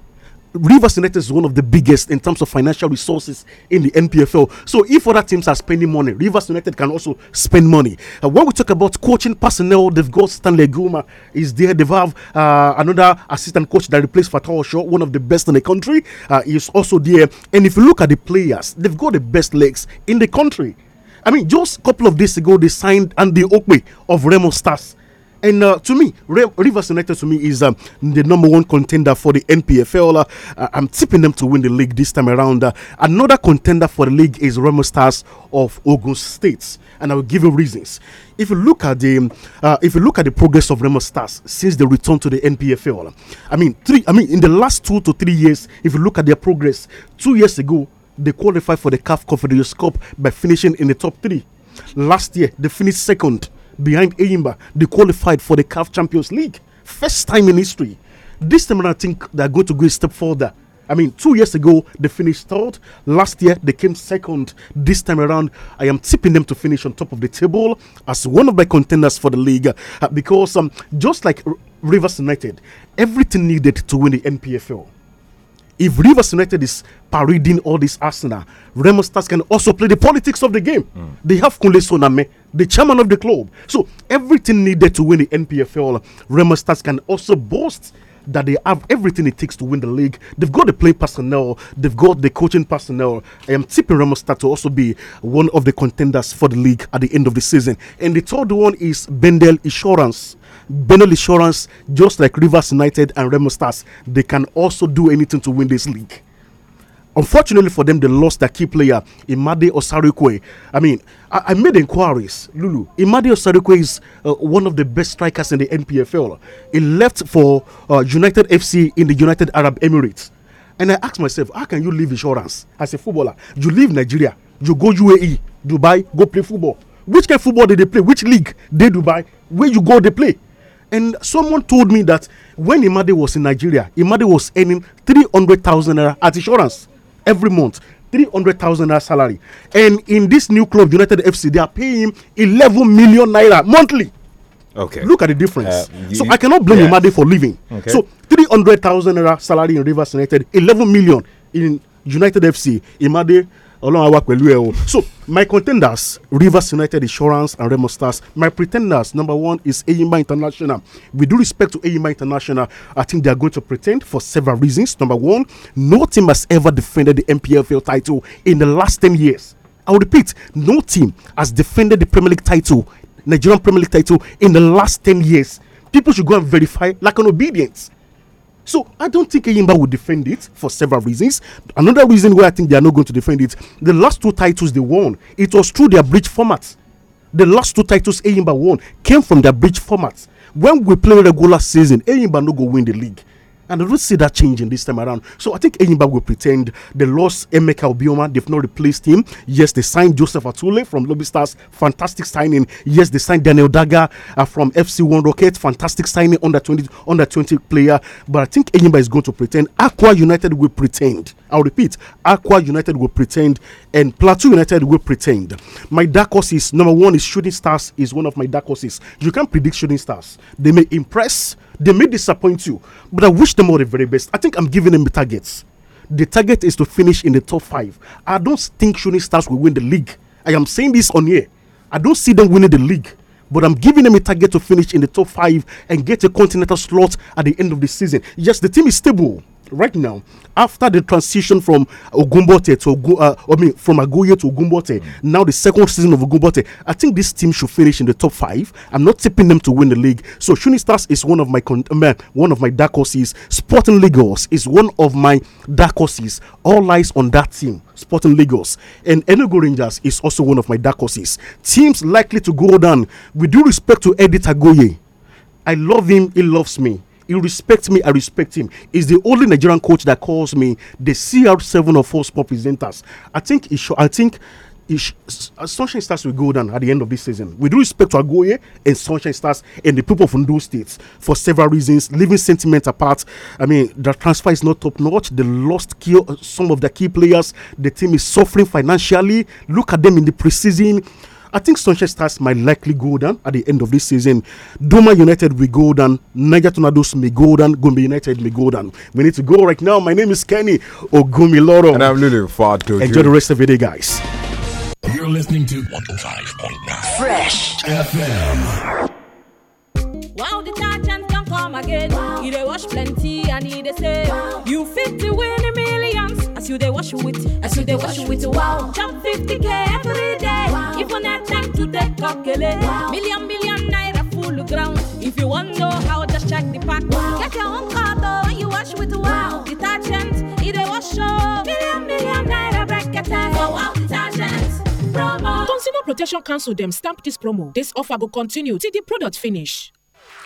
Rivers United is one of the biggest in terms of financial resources in the NPFL. So if other teams are spending money, Rivers United can also spend money. Uh, when we talk about coaching personnel, they've got Stanley Guma is there. They've uh, another assistant coach that replaced Fatah Shaw, one of the best in the country, uh, is also there. And if you look at the players, they've got the best legs in the country. I mean, just a couple of days ago, they signed Andy Okwe of Remo Stars. And uh, to me, Re Rivers United to me is um, the number one contender for the NPFL. Uh, I'm tipping them to win the league this time around. Uh, another contender for the league is Remo Stars of Ogun State, and I will give you reasons. If you look at the uh, if you look at the progress of Remo Stars since the return to the NPFL, I mean three. I mean in the last two to three years, if you look at their progress, two years ago they qualified for the CAF Confederations Cup by finishing in the top three. Last year, they finished second behind Eyimba. They qualified for the CAF Champions League. First time in history. This time I think they're going to go a step further. I mean, two years ago, they finished third. Last year, they came second. This time around, I am tipping them to finish on top of the table as one of my contenders for the league uh, because um, just like R Rivers United, everything needed to win the NPFL if Rivers United is parading all this arsenal, Remo Stars can also play the politics of the game. Mm. They have Kunle Soname, the chairman of the club. So everything needed to win the NPFL, Remo Stars can also boast that they have everything it takes to win the league. They've got the playing personnel, they've got the coaching personnel. I am um, tipping Stars to also be one of the contenders for the league at the end of the season. And the third one is Bendel Insurance. Benel Insurance, just like Rivers United and Remo Stars, they can also do anything to win this league. Unfortunately for them, they lost their key player, Imade Osarikwe. I mean, I, I made inquiries, Lulu. Imade Osarikwe is uh, one of the best strikers in the NPFL. He left for uh, United FC in the United Arab Emirates. And I asked myself, how can you leave insurance as a footballer? You leave Nigeria, you go UAE, Dubai, go play football. Which kind of football did they play? Which league? They Dubai. Where you go, they play. And someone told me that when Imade was in Nigeria, Imade was earning 300,000 naira at insurance every month. 300,000 naira salary. And in this new club, United FC, they are paying him 11 million naira monthly. Okay. Look at the difference. Uh, you, so I cannot blame yes. Imade for leaving. Okay. So 300,000 naira salary in Rivers United, 11 million in United FC. Imade Ọlọ́run àwa pẹ̀lú ẹ o. So my contenders Rivers United Insurance and Remo Stars. My pretenders number one is Eyimba International. With due respect to Eyimba International, I think they are going to pretend for several reasons. Number one, no team has ever defended the MPFL title in the last 10 years. I'll repeat, no team has defended the Premier League title, Nigerian Premier League title, in the last 10 years. People should go and verify, like an obedience. So I don't think Eyimba will defend it for several reasons. Another reason why I think they are not going to defend it, the last two titles they won, it was through their bridge format. The last two titles Eyimba won came from their bridge format. When we play regular season, Eyimba no go win the league. And I don't see that changing this time around. So I think Enyimba will pretend they lost Emeka Obioma. They've not replaced him. Yes, they signed Joseph Atule from Lobby Stars. Fantastic signing. Yes, they signed Daniel Daga uh, from FC1 Rocket. Fantastic signing under 20, under 20 player. But I think Enyimba is going to pretend. Aqua United will pretend. I'll repeat. Aqua United will pretend. And Plateau United will pretend. My dark horse is number one is Shooting Stars is one of my dark horses. You can't predict Shooting Stars. They may impress they may disappoint you, but I wish them all the very best. I think I'm giving them the targets. The target is to finish in the top five. I don't think Shooting Stars will win the league. I am saying this on here. I don't see them winning the league, but I'm giving them a target to finish in the top five and get a continental slot at the end of the season. Yes, the team is stable right now, after the transition from Ogumbote to Ogu, uh, I mean from Aguye to Ogumbote, mm. now the second season of Ogumbote, I think this team should finish in the top five. I'm not tipping them to win the league. So Shuni Stars is one of my one of my dark horses. Sporting Lagos is one of my dark horses. All lies on that team, Sporting Lagos, and Enugu Rangers is also one of my dark horses. Teams likely to go down. With due respect to Eddie Tagoye, I love him. He loves me he respects me. I respect him. He's the only Nigerian coach that calls me the CR7 of all sport presenters. I think he should. I think. Uh, Sunshine Stars will go down at the end of this season. With respect to Agoye and Sunshine Stars and the people from those states for several reasons, leaving sentiment apart. I mean, the transfer is not top notch. They lost key, uh, some of the key players. The team is suffering financially. Look at them in the preseason. I think Sunshine Stars might likely go down at the end of this season. Duma United will go down. Niger Tornadoes may go down. Gombe United may go down. We need to go right now. My name is Kenny Ogumiloro. And I'm Lulu Fatu. Enjoy the rest of the day, guys. You're listening to 105.9 Fresh FM. Wow, the detergent can come again. Wow. You dey wash plenty and you dey say. Wow. You fit to win a million. As you they wash with, as you they wash with, wow. Jump 50k every day. Wow. If on that take to the calculate. Wow. Million, million naira full ground. If you want know how, just check the pack. Wow. Get your own car though when you wash with, wow. wow. Detergent, it they wash up. Million, million naira bracket. Wow, eh. wow, detergent. Promo. Consumer Protection Council them stamp this promo. This offer will continue till the product finish.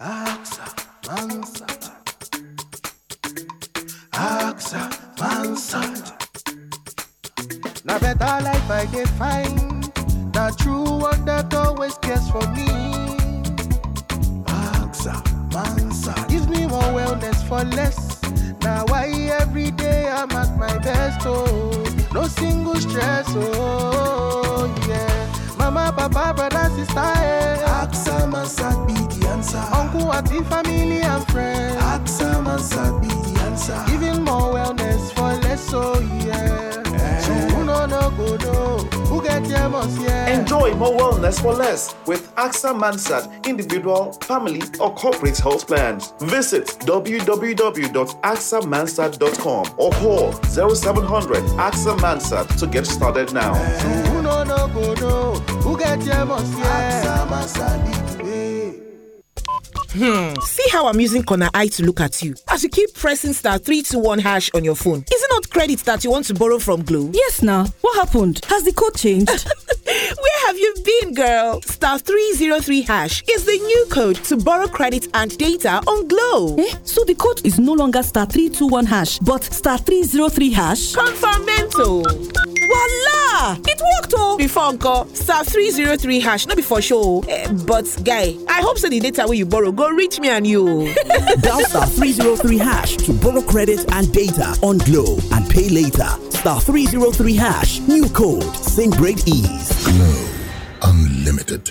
Aksa Mansa, Aksa Mansa. Now better life I get find. The true one that always cares for me. Aksa Mansa Gives me more wellness for less. Now why every day I'm at my best, oh. No single stress, oh, yeah mama, papa, brother, sister. Eh. Aksam Asad be the answer. Uncle, auntie, family, and friends. Aksam Asad be the answer. Giving more wellness for less, so yeah. Eh. So, no, no, go, no. Enjoy more wellness for less with AXA Mansard individual, family, or corporate health plans. Visit www.axamansard.com or call 0700 AXA Mansard to get started now. Hmm. See how I'm using corner eye to look at you as you keep pressing star 321 hash on your phone. Is it not credit that you want to borrow from Glow? Yes, now. What happened? Has the code changed? Where have you been, girl? Star 303 hash is the new code to borrow credit and data on Glow. Eh? So the code is no longer star 321 hash, but star 303 hash? Confirmento. Voila! It worked, oh! Before, uncle, star 303 hash, not before show. Eh, but, guy, I hope so the data will you borrow go reach me and you. Dial star 303 hash to borrow credit and data on Glow and pay later. Star 303 hash, new code, same great ease. Glow Unlimited.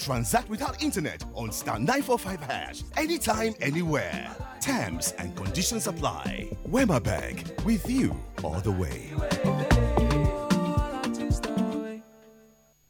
transact without internet on star 945 hash anytime, anywhere. Terms and conditions apply. Webber Bank with you all the way.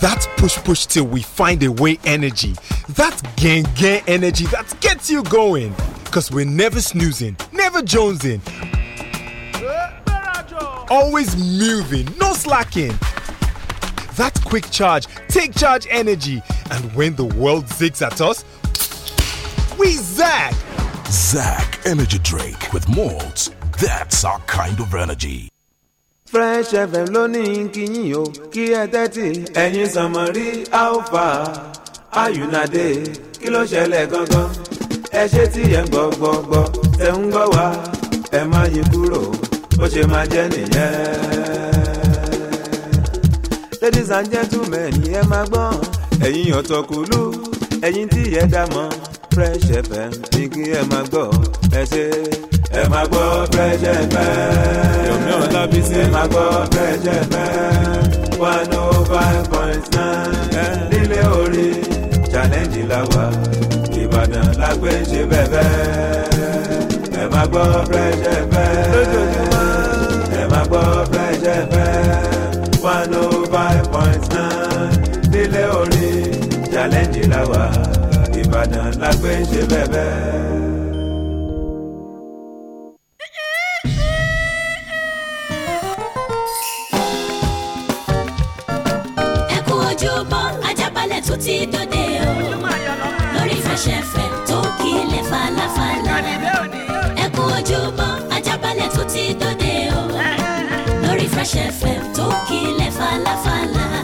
that push push till we find a way energy. That gang gang energy that gets you going. Cause we're never snoozing, never jonesing. Always moving, no slacking. That quick charge, take charge energy. And when the world zigs at us, we zag. zack Energy Drake with malts. That's our kind of energy. fresh fm lónìí kìyìn o kí ẹ tẹ́tì. ẹ̀yin sànmọ́rí alfa ayùnádé kí ló ṣẹlẹ̀ gangan ẹ ṣe tí ẹ ń gbọ́ gbọ́ gbọ́ ẹ ń gbọ́ wá ẹ má yí kúrò bó ṣe máa jẹ́ nìyẹn. ladies and gentlemen ẹ máa gbọ́n ẹ̀yin ọ̀tọ̀kùlú ẹ̀yin tí ẹ dá mọ́ fresh fm ní kí ẹ máa gbọ́ ẹ ṣe ẹ máa gbọ́ fresh fm. yomi ọlábísí ẹ máa gbọ́ fresh oh fm. Eh. one oh five point nine nílé orí challenge la wà ìbàdàn la gbé ṣe bẹ́ẹ̀ ẹ máa gbọ́ fresh fm. lójoojúmọ́ ẹ máa gbọ́ fresh fm. one oh five point nine nílé orí challenge la wà ìbàdàn la gbé ṣe bẹ́ẹ̀. ti dòde o lórí fẹsẹ̀fẹ̀ falafala ẹ kú ojúmọ́ ajábalẹ̀ tó ti dòde o lórí fẹsẹ̀fẹ̀ falafala.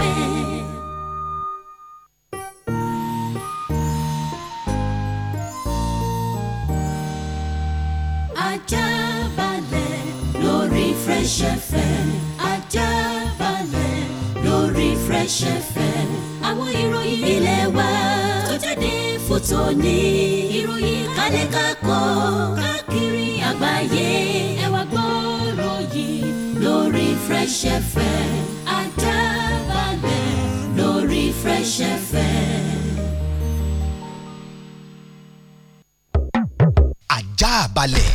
Fresh FM àwọn ìròyìn ilé wa tó jáde fún tòní ìròyìn kálẹ̀ kakọ́ káàkiri àgbáyé ẹ wá gbọ́rọ̀ yìí lórí Fresh FM àdábàgbẹ̀ lórí Fresh FM. balẹ̀.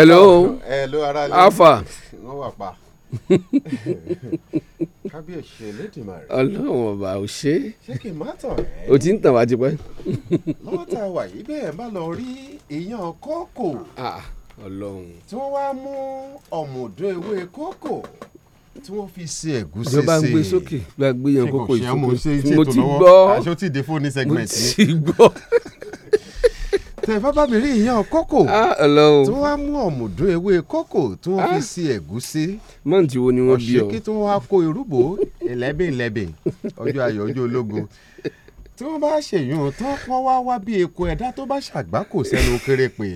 hello hello aráàlú afa wọn wà pa kábíyèsí elédìmarè. ọlọ́run ọba ò ṣe. ṣé kì í má tàn ẹ́. o ti ń tàn wá ti lọ́wọ́ tá a wà yìí bẹ́ẹ̀ má lọ rí èèyàn kókò. ọlọ́run. tí wọ́n wá mú ọ̀mùdó ewé kókò tí wọ́n fi ṣe ẹ̀gúsí ṣe. ìjọba ń gbé sókè gbàgbé yan kókò ìfúnpọ̀ mo ti gbọ́ mo ti gbọ́ tẹ bábà mi rí ìyàn kókò ah, tí wọ́n á mú ọ̀mùdún ewé kókò tí wọ́n fi sí ah. ẹ̀gúsí mọ́ǹtì wo ni wọ́n bí ọ ọ̀ṣẹ́kí tí wọ́n á kó irúgbó ẹlẹ́bìnlẹ́bìn ọjọ́ ayọ̀ ọjọ́ ológo tí wọ́n bá ṣèyún tán wọ́n wá wá bí eku ẹ̀dá tó bá ṣàgbákò sẹ́nu kéré pé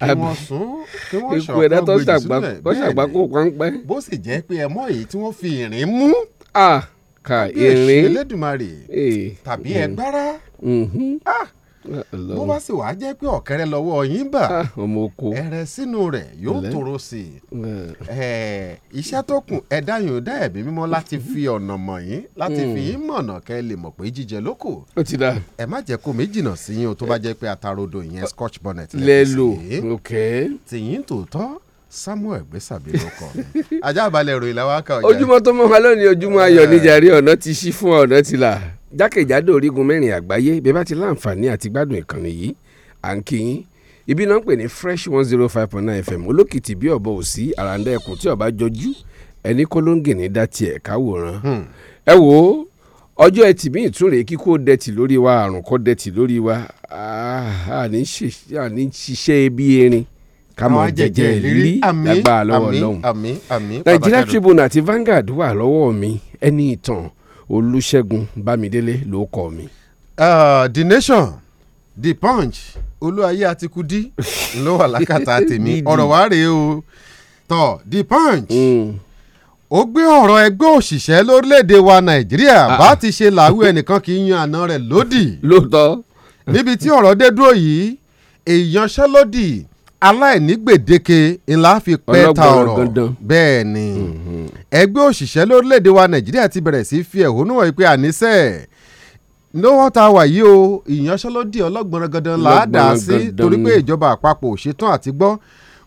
kí wọ́n sún kí wọ́n ṣọ̀kan gbèjì sílẹ̀ bẹ́ẹ̀ ni bó sì jẹ́ pé ẹ̀mọ́ yìí tí wọ́n fi ìrìn mú ah, ka ìrìn Elédùmarè eh. tàbí hmm. ẹgbára mhm bó bá sì wàá jẹ́ pé ọ̀kẹ́rẹ́ lọ́wọ́ yín bà ah, ẹ̀rẹ̀ sínú rẹ̀ yóò tòrò sí i eh. iṣẹ́ tó kù ẹ̀dá yóò dá ẹ̀bí mímọ́ láti mm-hmm. fi ọ̀nà mọ̀ yín láti fi mm. yín mọ̀nà kẹ́ ẹ lè mọ̀ pé jíjẹ ló kù ẹ má jẹ́ kó mi jìnnà sí yín o tó bá jẹ́ pé atarodo ìyẹn uh, scotch bonnet lẹ́lò tìyín tòótọ́ samuel gbèsàbí ló kọ ajá balẹ̀ ròyìn làwọn akọ̀ ọjà ojúmọ́ tó mọ́ wa lónìí ojúmọ́ ayọ̀ níjàre ọ̀nà ti ṣí fún ọ̀nà ti là jákèjádò orígun mẹ́rin àgbáyé bí ẹ bá ti láǹfààní àti gbádùn ìkànnì yìí à ń kí ibi náà ń pè ní fresh one zero five point nine fm olókìtì bí ọ̀bọ òsì àràǹdà ẹkùn tí ọba jọjú ẹni kólóńgè ní dátì ẹ̀ káwòrán hmm. ẹ wò ó ọjọ́ ẹtì bí ìtúnrè kíkó dẹ̀tì lórí wa àrùn kọ́ dẹ̀tì lórí wa àní ṣiṣẹ́ bí erin kámọ jẹjẹ ìrírí lágbára lọ́wọ́ lọ́hùn nàìjíríà tribune àti Vanguard wà lọ́wọ́ mi ẹni ìtàn olùṣègùn bámidélé ló kọ mi. Ah, the nation the punch olúwayé àtikúdí ló wà lákàtà tèmi ọ̀rọ̀ wa rèé o tọ́ the punch. Mm ó gbé ọ̀rọ̀ ẹgbẹ́ òṣìṣẹ́ lórílẹ̀‐èdè wa nàìjíríà ah, ah. bá ti ṣe làwí ẹnìkan kì í yan àna rẹ̀ lódì. lóòótọ́. níbi tí ọ̀rọ̀ dé dúró yìí ìyanṣẹ́lódì aláìní gbèdéke ńlá fi pẹ́ ta ọ̀rọ̀ bẹ́ẹ̀ ni mhm. ẹgbẹ́ òṣìṣẹ́ lórílẹ̀‐èdè wa nàìjíríà ti bẹ̀rẹ̀ sí fi ẹ̀hónú hàn pé àníṣe lọ́wọ́ ta wà yìí o ìyanṣẹ́lódì ọlọ́gbọ̀n gandan là á dà sí torí pé ìjọba àpapọ̀ ò ṣetán àti gbọ́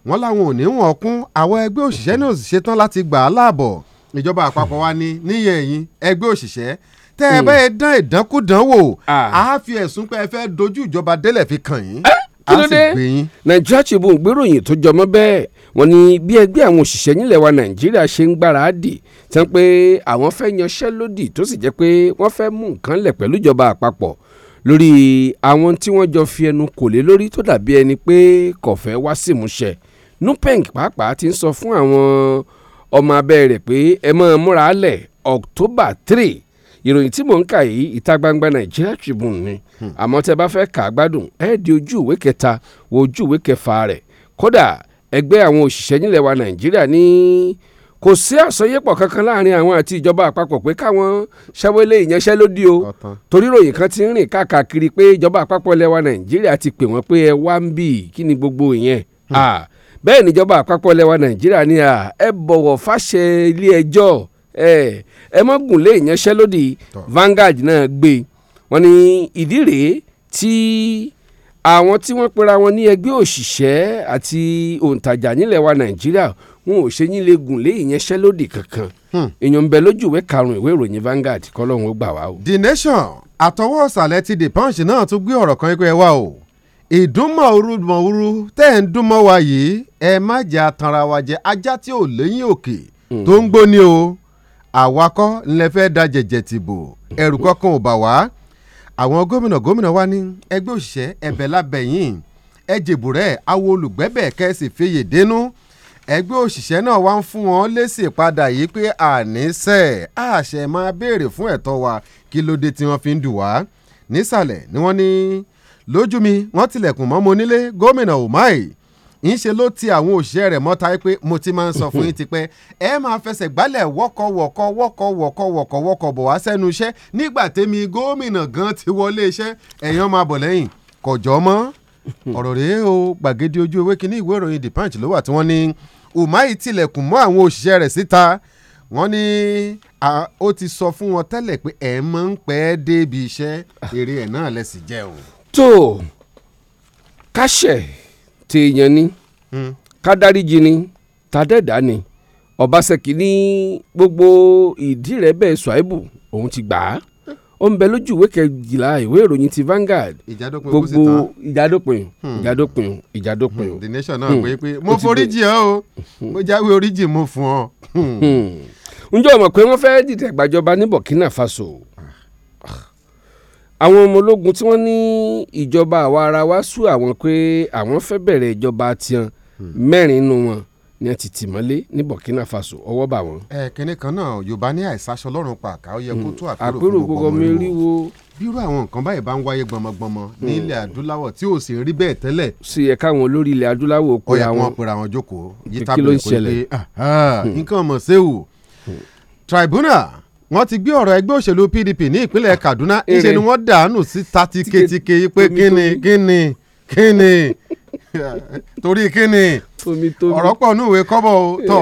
wọn làwọn ò ní wọn kún àwọn ẹgbẹ́ òṣìṣẹ́ náà sì ṣetán láti gbà á láàbọ̀ ìjọba àpapọ̀ wa ni níyẹn ẹ̀yìn ẹgbẹ́ òṣìṣẹ́ tẹ́ ẹ hmm. bá yẹ dán ìdánkúdán wò ah. á fi ẹ̀sùn pé ẹ fẹ́ dojú ìjọba délẹ̀ fi kàn yín. Eh? kí ló dé nàìjíríà ṣe bò ń gbéròyìn tó jọmọ́ bẹ́ẹ̀ wọ́n ní bí ẹgbẹ́ àwọn òṣìṣẹ́ nílẹ̀ wa nàìjíríà ṣe ń gbáradì tí wọ́n pé àwọn fẹ́ yanṣẹ́ lódì tó sì jẹ́ pé wọ́n fẹ́ mú nǹkan lẹ̀ pẹ̀lú ìjọba àpapọ̀ lórí àwọn tí wọ́n jọ fi ẹnu kò lé lórí tó dàbí ẹni pé kò fẹ́ wá sí ìmúṣẹ nupeng pàápàá ti ń sọ fún àwọn ọmọ abẹ́ rẹ̀ pé ẹ máa múra lẹ̀ October three ìròyìn tí mò ń kà yìí ìta gbangba Nigeria Tribune ni àmọ́ tẹ́ bá fẹ́ kà á gbádùn ẹ di ojú ìwé kẹta wo ojú ìwé kẹfà rẹ̀ kódà ẹgbẹ́ àwọn òṣìṣẹ́ nílẹ̀ wa nàìjíríà ní kò sí àsọyépọ̀ kankan láàrin àwọn àti ìjọba àpapọ̀ pé káwọn ṣẹ́wọ́lé ìyanṣẹ́lódì o torí ròyìn kan ti ń rìn káàkiri pé ìjọba àpapọ̀ ilẹ̀ wa nàìjíríà ti pè wọ́n pé ẹ wá ń bì kí ni gbogbo ìyẹn hmm. bẹ́ẹ̀ níjọba àpapọ̀ ilẹ̀ nàìjíríà ni ẹ bọ̀wọ̀ fáṣẹ ilé ẹjọ́ ẹ mọ́gùnlé ìyanṣẹ́lódì Vanguard náà gbé e wọ́n ní ìdí rèé tí àwọn tí wọ́n pera wọn ní ẹgbẹ́ òṣìṣẹ́ àti òǹtajà nílẹ̀ wa nàìjíríà wọn ò ṣe yín lè gùn lé ìyẹnṣẹ́ lódì kankan hmm. èèyàn ń bẹ lójú ìwé ìwé ìròyìn Vanguard kọ́lọ́hún ó gbà wá o. The Nation àtọwọ́ ọ̀sàlẹ̀ ti The Punch náà tún gbé ọ̀rọ̀ kan ẹgbẹ́ wa o ìdúnmọ̀ orúmọ̀wúrú tẹ́ ẹ̀ ń dúnmọ̀ wa yìí ẹ má jẹ́ atanra wa jẹ ajá tí ò lẹ́yìn òkè hmm. tó ń gbóni o àwakọ́ ńlẹ́fẹ́ da tìbò ẹ̀rù kankan ò bà wá àwọn gómìnà gómìnà wa ní ẹgbẹ́ òṣìṣẹ́ ẹ̀bẹ̀ lábẹ́yìn ẹ̀jẹ̀bùrẹ́ àwọn olùgbẹ́bẹ̀ kẹ́sì fìyè dénú ẹgbẹ́ òṣìṣẹ́ náà wá ń fún wọn lésì padà yìí pé àníṣe àṣẹ máa béèrè fún ẹ̀tọ́ wa kí ló dé tí wọ́n fi ń dù wá nísàlẹ̀ ni wọ́n ní lójú mi wọ́n tilẹ̀kùn mọ́ mo nílé gómìnà Umahi ńṣe ló ti àwọn òṣìṣẹ́ rẹ̀ mọ́ta pé mo ti máa ń sọ fún yín tipẹ́ ẹ máa fẹsẹ̀ gbálẹ̀ wọ́kọ̀ wọ̀kọ̀ wọ́kọ̀ wọ̀kọ̀ wọ̀kọ̀ wọ́kọ̀ bọ̀ wá sẹ́nu iṣẹ́ nígbà tẹ́mi gómìnà gan ti wọlé iṣẹ́ ẹ̀yàn máa bọ̀ lẹ́yìn kọjọ́ mọ́ ọ̀rọ̀ rèé o gbàgede ojú ewé kínní ìwé ìròyìn the punch ló wà tí wọ́n ní Umahi tilẹ̀kùn mọ́ àwọn òṣìṣẹ́ rẹ̀ síta wọ́n ní ó ti sọ fún wọn tẹ́lẹ̀ pé ẹ̀ máa ń pẹ́ débi iṣẹ́ eré ẹ̀ náà lẹ́sìn jẹ́ o. tó o téèyàn ni hmm. kádáríjì ni tàdẹ́dá ni ọbaṣẹ́kì ní gbogbo ìdí rẹ̀ bẹ́ẹ̀ ṣùáìbù òun ti gbà á ó ń bẹ lójú ìwé kejìlá ìwé ìròyìn ti Vanguard gbogbo hmm. ìjádópin ìjádópin ìjádópin. Hmm. The Nation náà pé pé mo forí jì ọ́ o mo jáwé oríjì mo fún ọ. ǹjẹ́ o pé wọ́n fẹ́ẹ́ dìtẹ̀ gbàjọba ní Burkina Faso àwọn ọmọ ológun tí wọ́n ní ìjọba àwa ara wa sú àwọn pé àwọn fẹ́ bẹ̀rẹ̀ ìjọba tiwọn hmm. mẹ́rin nínú wọn ní ẹ ti tì mọ́lé ní Burkina Faso ọwọ́ bà wọ́n. ẹ kínní kan náà Yorùbá ní àìsàṣọ lọ́rùn pa àká ó yẹ kó hmm. tó àpérò gbogbo mi rí wo. bírú àwọn nǹkan báyìí bá ń wáyé gbọmọgbọmọ hmm. ní ilẹ̀ adúláwọ̀ tí ò sì rí bẹ́ẹ̀ tẹ́lẹ̀. sì yẹ káwọn olórí ilẹ̀ adúláwọ̀ pé àwọn. ó yẹ jókòó yíta pé kò ní pé nǹkan mọ̀ séwù tribunal wọ́n ti gbé ọ̀rọ̀ ẹgbẹ́ òṣèlú PDP ní ìpínlẹ̀ Kaduna ìṣe ni wọ́n dànù síta tiketike pé kíni kíni kíni torí kíni ọ̀rọ̀ pọ̀ ní ìwé kọ́bọ̀ tọ̀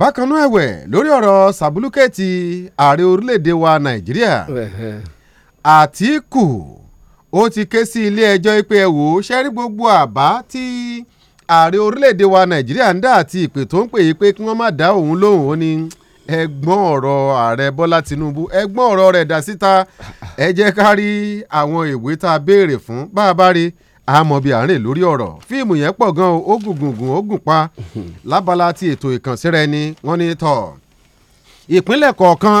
bákan náà ẹ̀wẹ̀ lórí ọ̀rọ̀ sàbúlùkẹ́ẹ̀tì ààrẹ orílẹ̀‐èdè wa Nàìjíríà Àtíkù ó ti ké sí ilé ẹjọ́ pé ẹ wò ó ṣẹ́rí gbogbo àbá tí ààrẹ orílẹ̀‐èdè wa Nàìjíríà ń dá àti ìpè tó ń pè é pé kí wọ́n má dá òun lóhùn ó ní ẹ̀gbọ́n ọ̀rọ̀ ààrẹ Bọ́lá Tinubu ẹ̀gbọ́n ọ̀rọ̀ rẹ̀ dà síta ẹ jẹ́ ká rí àwọn ìwé tá a béèrè fún bá a bá rí àmọ́ bíi àárín lórí ọ̀rọ̀ fíìmù yẹn pọ̀ gan o ó gùn gùn gùn ó gùn pa lábala ti ètò ìkànsíra ẹni wọ́n ní tọ̀ ìpínlẹ̀ kọ̀ọ̀kan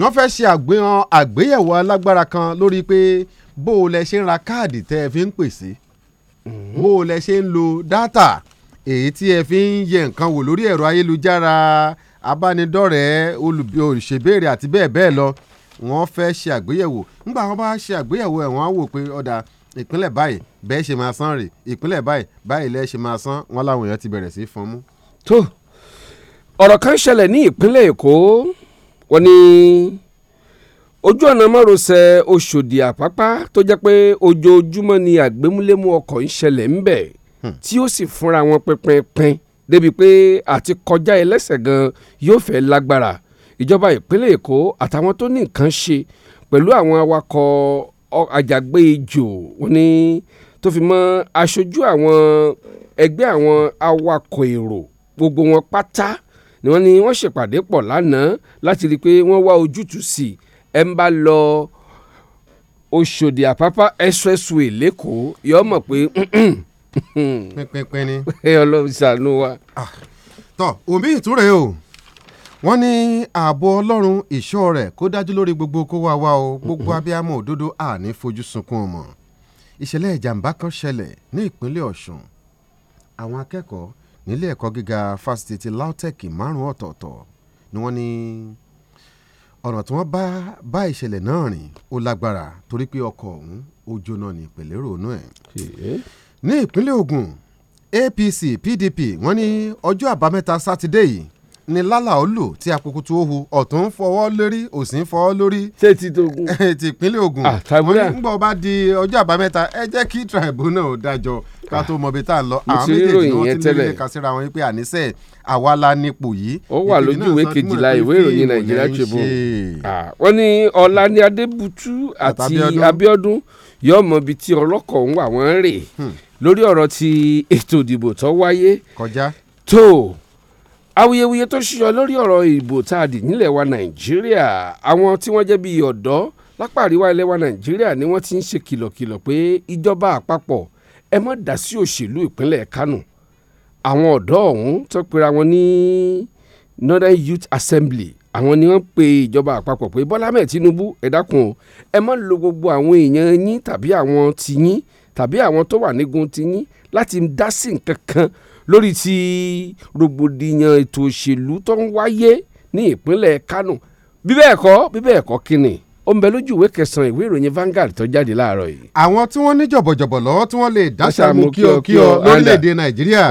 wọ́n fẹ́ ṣe àgbéhàn àgbéyẹ̀wò alágbára kan lórí pé bó o lẹ ṣe ń ra káàdì tẹ́ ẹ fi ń pèsè mm-hmm. bó o lẹ ṣe ń lo dátà èyí tí ẹ fi ń yẹ nǹkan wò lórí ẹ̀rọ ayélujára abánidọ́rẹ̀ẹ́ olùṣèbéèrè àti bẹ́ẹ̀ bẹ́ẹ̀ lọ wọ́n fẹ́ ṣe àgbéyẹ̀wò nígbà wọn bá ṣe àgbéyẹ̀wò ẹ̀ wọ́n á wò pé ọ̀dà ìpínlẹ̀ báyìí bẹ́ẹ̀ ṣe máa san rè ìpínlẹ̀ báyìí báyìí lẹ́ẹ̀ ṣe máa san wọn láwọn èèyàn ti bẹ̀rẹ̀ sí fọn mú. tó ọ̀rọ̀ kan ṣẹlẹ̀ ní ìpínlẹ̀ èkó wọ́n ní ojú ọ̀nà márosẹ̀ oṣòdì àpápá tó jẹ́ pé ojoojúmọ́ ni àgbémúlémú ọkọ̀ ń ṣẹlẹ̀ ńbẹ̀ hmm. tí ó sì fúnra wọn pínpín pín débi pé àti kọjá ẹlẹ́sẹ̀ gan yóò fẹ́ lágbára ìjọba ìpínlẹ̀ èkó àtàwọn tó ní nǹkan ṣe pẹ̀lú àwọn awakọ̀ àjàgbé ijò wọn ni tó fi mọ́ aṣojú àwọn ẹgbẹ́ àwọn awakọ̀ èrò gbogbo wọn pátá ni wọ́n ní wọ́n ṣèpàdé pọ̀ lánàá láti rí i pé wọ́n wá ojútùú sí ẹ̀ ń bá lọ Òṣòdì Àpápá expressway lẹ́kọ̀ọ́ yọ ọ́ mọ̀ pé pẹpẹpẹ ni. ọlọ́run ṣàánú wa. Ah, tọ omi ìtúre o wọ́n ní ààbò ọlọ́run ìṣọ́ rẹ̀ kó dájú lórí gbogbo kó wá wá o gbogbo mm-hmm. abiyamọ òdodo àní fojú sunkún ọmọ ìṣẹ̀lẹ̀ ìjàmbá kan ṣẹlẹ̀ ní ìpínlẹ̀ ọ̀ṣun àwọn akẹ́kọ̀ọ́ nílé ẹ̀kọ́ gíga fásitì ti LAUTECH márùn ọ̀tọ̀ọ̀tọ̀ ni wọ́n ní ọ̀nà tí wọ́n bá bá ìṣẹ̀lẹ̀ náà rìn ó lágbára torí pé ọkọ̀ ọ̀hún ó jóná ní ìpèlérò ònú ẹ̀ ní ìpínlẹ̀ Ògùn APC PDP wọ́n ní ọjọ́ àbámẹ́ta sátidé yìí ni lálà olù tí akukutu ohu ọ̀tún fọwọ́ lórí òsì ń fọwọ́ lórí. ṣé ti togun. ti ìpínlẹ̀ Ògùn ah, wọ́n ní ngbọ́ bá di ọjọ́ àbámẹ́ta ẹ jẹ́ kí tribal náà ó dájọ́ ká tó mọ̀ bí tá à lọ. àwọn méjèèjì ni wọ́n ti ní ilé kan síra wọn pé àníṣe àwa la nípò yìí. ó wà lójú ìwé kejìlá ìwé ìròyìn Nàìjíríà Tribune. Ah, wọ́n ní Ọláni Adébútú àti Abíọ́dún yóò mọ ibi tí ọlọ́kọ̀ ń wà wọ́n rè hmm lórí ọ̀rọ̀ ti ètò ìdìbò tó wáyé kọjá tó awuyewuye tó ṣíyọ lórí ọ̀rọ̀ ìbò tá a dì nílẹ̀ wa nàìjíríà àwọn tí wọ́n jẹ́ bíi ọ̀dọ́ lápá àríwá ilẹ̀ wa nàìjíríà ni wọ́n ti ń ṣe kìlọ̀kìlọ̀ pé ìjọba àpapọ̀ ẹ má dá sí òṣèlú ìpínlẹ̀ kánò àwọn ọ̀dọ́ ọ̀hún tó pera wọn ní northern youth assembly àwọn ni wọ́n pe ìjọba àpapọ̀ pé bọ́lá mẹ́ẹ̀ tinubu ẹ dákun o ẹ má lo gbogbo àwọn èèyàn yín tàbí àwọn tiyín tàbí àwọn tó wà nígun tiyín láti dá sí nǹkan kan lórí ti rògbòdìyàn ètò òṣèlú tó ń wáyé ní ìpínlẹ̀ Kánò bí bẹ́ẹ̀ kọ́ bí bẹ́ẹ̀ kọ́ kí ni ó ń bẹ lójú ìwé kẹsàn-án ìwé ìròyìn Vanguard tó jáde láàárọ̀ yìí. àwọn tí wọ́n ní jọ̀bọ̀jọ̀bọ̀ lọ́wọ́ tí wọ́n lè dáṣà mú kí ọ kí ọ lórílẹ̀‐èdè Nàìjíríà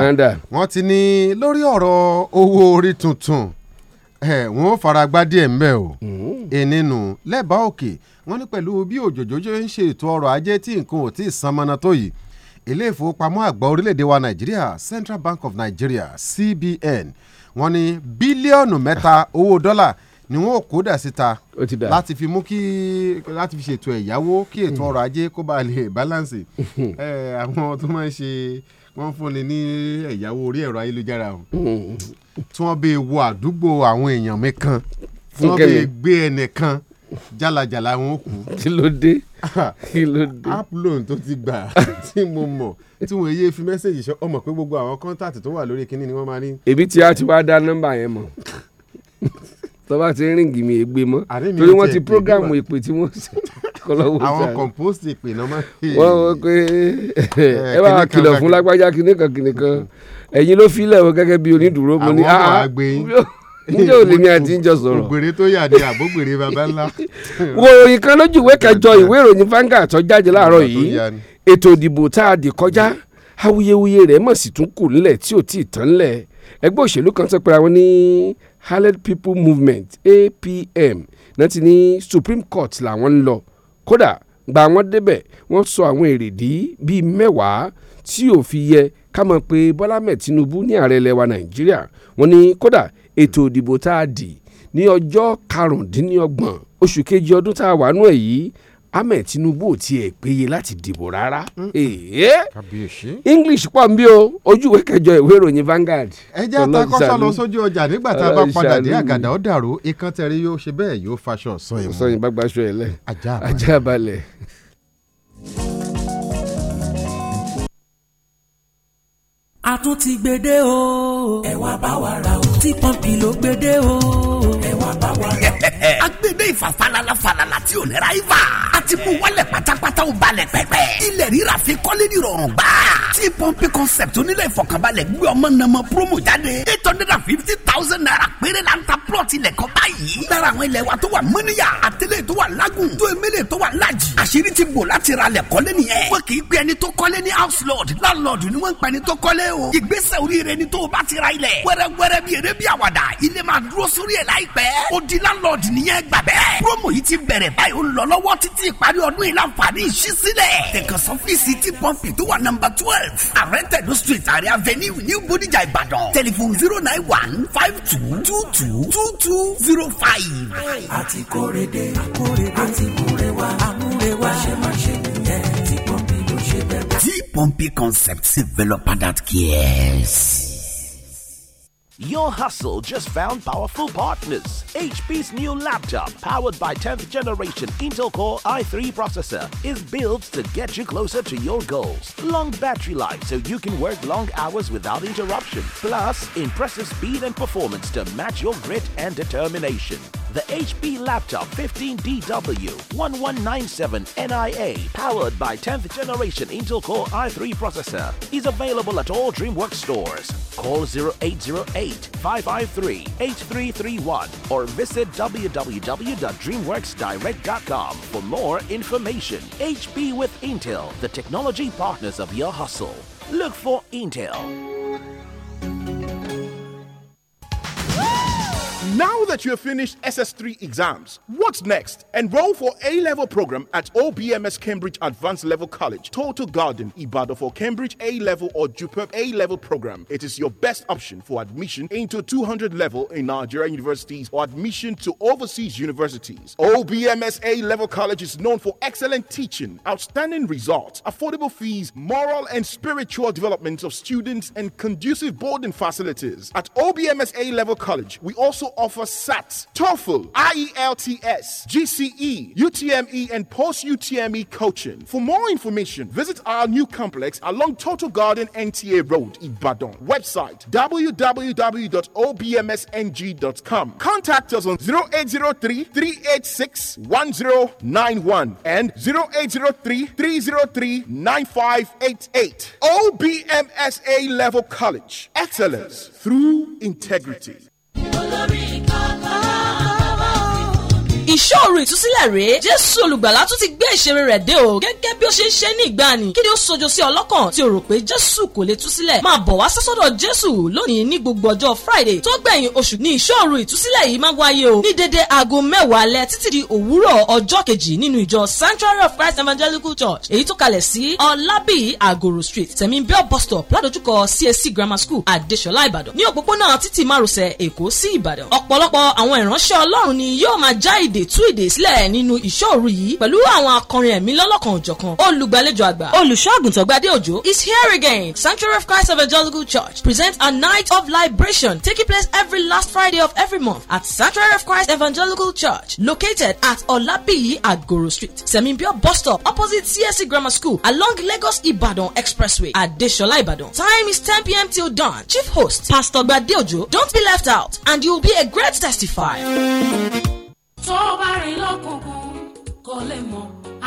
wọ́n ti ní lórí ọ̀rọ̀ owó orí tuntun wọn ò fara gbá díẹ̀ ńbẹ̀ o hmm. ẹnìnú lẹ́bàá òkè wọ́n ní pẹ̀lú bí òjòjòjò ń ṣe ètò ọrọ̀ ajé tí nǹkan ò tí ì san mọ́nà tó yìí ilé ìfowópamọ́ àgbà orílẹ̀-èdè wa nàìjíríà Central Bank of Nigeria CBN wọ́n ní bílíọ̀nù mẹ́ta owó dọ́là ni wọn ò kódà síta láti fi mú kí láti fi ṣètò ẹ̀yáwó kí ètò hmm. ọrọ̀ ajé kó bàa lè balance àwọn tó máa ń ṣe wọ́n fúnni ní ẹ̀yáwó orí ẹ̀rọ ayélujára o mm-hmm. tí wọ́n bẹ wo àdúgbò àwọn èèyàn mi kan tí wọ́n bẹ gbé ẹnìkan jálajàla wọn kú. kí ló dé ah, kí ló dé. app loan tó ti gbà tí mo mọ̀ tí wọ́n yé fi mẹ́sẹ̀gì sọ ọmọ pé gbogbo àwọn kọ́ńtàtì tó wà lórí kinní ni wọ́n máa ní. èbí tí a ti wá dá nọ́mbà yẹn mọ̀ tọ́ba ti ń rìn gìmì ègbé mọ́ torí wọ́n ti prógámù ìpè tí wọ́n ṣe. kọlọ́wọ́ sáré. àwọn compost ìpè náà máa ń pè. wọ́n wọ́n pé eh, ẹ bá wa kìlọ̀ fún lágbájá kìnìkan kìnìkan ẹ̀yin ló filẹ̀ wọn gẹ́gẹ́ bí onídùúró mo ní. àwọn àgbè ah, ah. njẹ́ ò lè ní àti njọ sọ̀rọ̀. ògbèrè tó yà ni àbógbèrè baba ńlá. wo ìkan lójú ìwé kẹjọ ìwé ìròyìn Vanguard tó jáde láàárọ̀ yìí ètò ìdìbò tá a dì kọjá awuyewuye rẹ̀ mọ̀ sí tún kù nílẹ̀ tí ò tí ì tán nílẹ̀ ẹgbẹ́ òṣèlú kan sọ pé àwọn ní Harlem People Movement APM náà ti ní Supreme Court làwọn ń lọ kódà gba wọn débẹ̀ wọ́n sọ àwọn èrèdí bíi mẹ́wàá tí ò fi yẹ ká mọ̀ pé Bọ́lá mẹ́ Tinubu ní ààrẹ ilẹ̀ Nàìjíríà wọ́n ní kódà ètò ìdìbò tá a dì ní ọjọ́ karùndínlọ́gbọ̀n oṣù kejì ọdún tá a wà nú ẹ̀ ahmed tinubu ò tiẹ̀ péye láti dìbò rárá. english pọ̀ ń bí o ojú ìwé kẹjọ ìwé ìròyìn Vanguard. ẹjẹ́ àtakọ́sọ lọ sójú ọjà nígbà tá a bá padà dé àgàdà ó dàrú ikán tẹ̀rí yóò ṣe bẹ́ẹ̀ yóò faṣọ sọyìn mọ́. sọyìn bá gbaṣọ ẹ lẹ ajá balẹ̀. a tún ti gbede o ẹ wá bá wa ra o tí pọ́ǹpì ló gbede o ẹ wá bá wa ra o ìfà falala falala tí ò ní ra ìfà. a ti mú wálẹ̀ pátápátá ó balẹ̀ pẹ́pẹ́. ilẹ̀ rírà fi kọ́lé ní rọrùn gbà. tí pọ́ńpì concept onílẹ̀ ìfọ̀kànbalẹ̀ gbé ọmọ nàmọ promo jáde. eight hundred and fifty thousand naira péré la ń ta plot ilẹ̀ kan báyìí. lára àwọn ilẹ̀ wa tó wà mọ́níyà àtẹlẹ́ tó wà lágùn tó emele tó wà lájì. àṣírí ti bò láti ra lẹ̀ kọ́lé nìyẹn. wọ́n kì í gbé ẹni tó kọ́lé ní house lord landlord bẹ́ẹ̀. promo yìí ti bẹ̀rẹ̀ báyìí ó ń lọ lọ́wọ́ títí ìparí ọdún yìí láǹfààní ìṣí sílẹ̀. tẹ̀kọ̀sán fíìsì tí pọ́ǹpì tó wà nọ́mbà twelve arẹ́tẹ̀dó street àrẹ avenue new bodijà ìbàdàn tẹlifon zero nine one five two two two two two zero five. a àti kórede àkórede àti múrewa àmúrewa àṣemáṣe nìyẹn tí pọ́ǹpì ló ṣe bẹ́ẹ̀. tí pọ́ǹpì concept developer that cares. Your hustle just found powerful partners. HP's new laptop, powered by 10th generation Intel Core i3 processor, is built to get you closer to your goals. Long battery life so you can work long hours without interruption. Plus, impressive speed and performance to match your grit and determination. The HP Laptop 15DW1197NIA, powered by 10th generation Intel Core i3 processor, is available at all DreamWorks stores. Call 0808 888-553-8331 or visit www.dreamworksdirect.com for more information. HP with Intel, the technology partners of your hustle. Look for Intel. Now that you have finished SS3 exams, what's next? Enroll for A-level program at OBMS Cambridge Advanced Level College, Total Garden, Ibadan for Cambridge A-level or Jupiter A-level program. It is your best option for admission into 200 level in Nigerian universities or admission to overseas universities. OBMS A-level college is known for excellent teaching, outstanding results, affordable fees, moral and spiritual development of students and conducive boarding facilities. At OBMS A-level college, we also offer offer SAT, TOEFL, IELTS, GCE, UTME, and post UTME coaching. For more information, visit our new complex along Total Garden NTA Road, Ibadan. Website www.obmsng.com. Contact us on 0803 386 1091 and 0803 303 9588. OBMSA Level College. Excellence through integrity glory. ìṣòro ìtúsílẹ̀ rèé jésù olùgbàlà tún ti gbé ìṣeré rẹ̀ dé o gẹ́gẹ́ bí ó ṣe ń ṣe ní ìgbàanì kí ni ó sojo sí ọlọ́kàn tí o rò pé jésù kò lè túsílẹ̀ máa bọ̀ wá sọ́sọ́dọ̀ jésù lónìí ní gbogbo ọjọ́ friday tó gbẹ̀yìn oṣù ní ìṣòro ìtúsílẹ̀ yìí máa wáyé o ní dédé aago mẹ́wàá alẹ́ títí di òwúrọ̀ ọjọ́ kejì nínú ìjọ sanctuary of christ evangelical church èyí tó kalẹ̀ sí ọlábì àgòrò street tẹ̀mí bell bus stop ládojúkọ csc grammar school àdéṣọlá ìbàdàn ní òpópónà títí márosẹ̀ èkó sí ìbàdàn ọ̀pọ̀lọpọ̀ àwọn ìránṣẹ́ ọlọ́run ni yóò máa já Sunday tú ìdè sílẹ̀ nínú ìṣọ́ yìí pẹ̀lú àwọn akọrin ẹ̀mí lọ́lọ́kan òjọ̀kan olùgbàlejò àgbà olùṣọ́àgùntàn Gbadé Òjó is here again Sanctuary of Christ Evangelical Church presents a night of liberation taking place every last Friday of every month at Sanctuary of Christ Evangelical Church located at Olabiyi Agoro Street Semimbio bus stop opposite CSC Grammar School along Lagos Ibadan Expressway at Deshola Ibadan time is 10 p.m. till dawn chief host Pastor Gbadé Òjó don't be left out and you will be a great testifier tó bá rìn lọ́kùnkùn kò lè mọ̀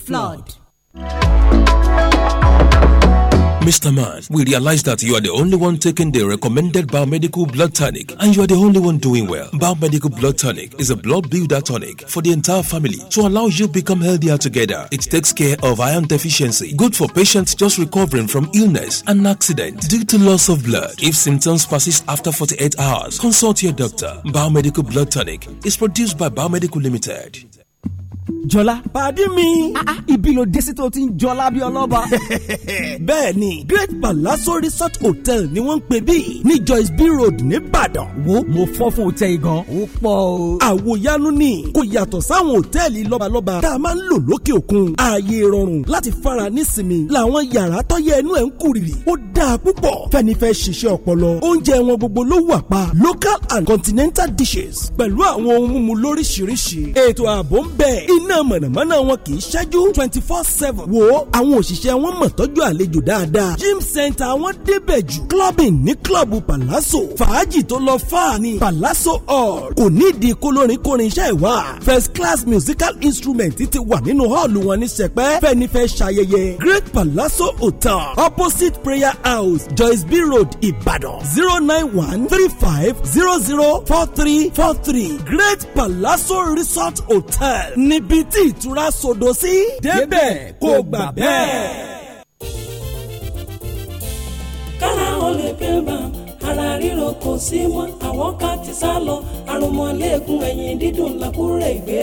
flood. Mr. Man, we realize that you are the only one taking the recommended biomedical blood tonic and you are the only one doing well. Biomedical blood tonic is a blood builder tonic for the entire family to allow you become healthier together. It takes care of iron deficiency, good for patients just recovering from illness and accident due to loss of blood. If symptoms persist after 48 hours, consult your doctor. Biomedical blood tonic is produced by Biomedical Limited. jọlá. pàdí mi. Ah, ah, ibi ló dé sí tó ti ń jọlá bí ọlọ́ba. bẹ́ẹ̀ ni great palazzo resort hotel ni wọ́n ń pè bí ní joyce b road nìbàdàn. wo mo fọ́ fún hotel yìí gan. ó pọ̀ o. àwòyanu ni kò yàtọ̀ sáwọn hòtẹ́ẹ̀lì lọ́balọ́ba tá a máa ń lò lókè òkun. ààyè ìrọ̀rùn láti fara nísìmí làwọn yàrá tọ́yẹ inú ẹ̀ ń kúrìrì. ó dáa púpọ̀ fẹ́ni fẹ́ ṣiṣẹ́ ọpọlọ. oúnjẹ wọn gbogbo ló wà pa local and continental dishes pẹ̀lú àwọn ohun mímu lóríṣiríṣi. ètò ààbò ń bẹ iná mọ̀nàmọ́ná wọn kì í ṣẹ́jú twenty four seven wo àwọn òṣìṣẹ́ wọn mọ̀ tọ́jú àlejò dáadáa gym center wọn débẹ̀ jù clubbing ní club palazzo fàájì tó lọ fáà ní palazzo hall kò nídìí kólórin kórin iṣẹ́ ìwà first class musical instrument ti wà nínú hall wọn ní sẹpẹ́ fẹ́ni fẹ́ ṣayẹyẹ great palazzo hotel opposite prayer house joyce b road Ibadan zero nine one three five zero zero four three four three great palazzo resort hotel níbẹ̀ níbi tí ìtura sọdọ sí. débẹ̀ kó gbà bẹ́ẹ̀. kára ó lè pè bá ara ríro kò sí mọ́ àwọn ká ti sá lọ àròmọ́ léegun ẹ̀yìn dídùn làkúrẹ́ ìgbé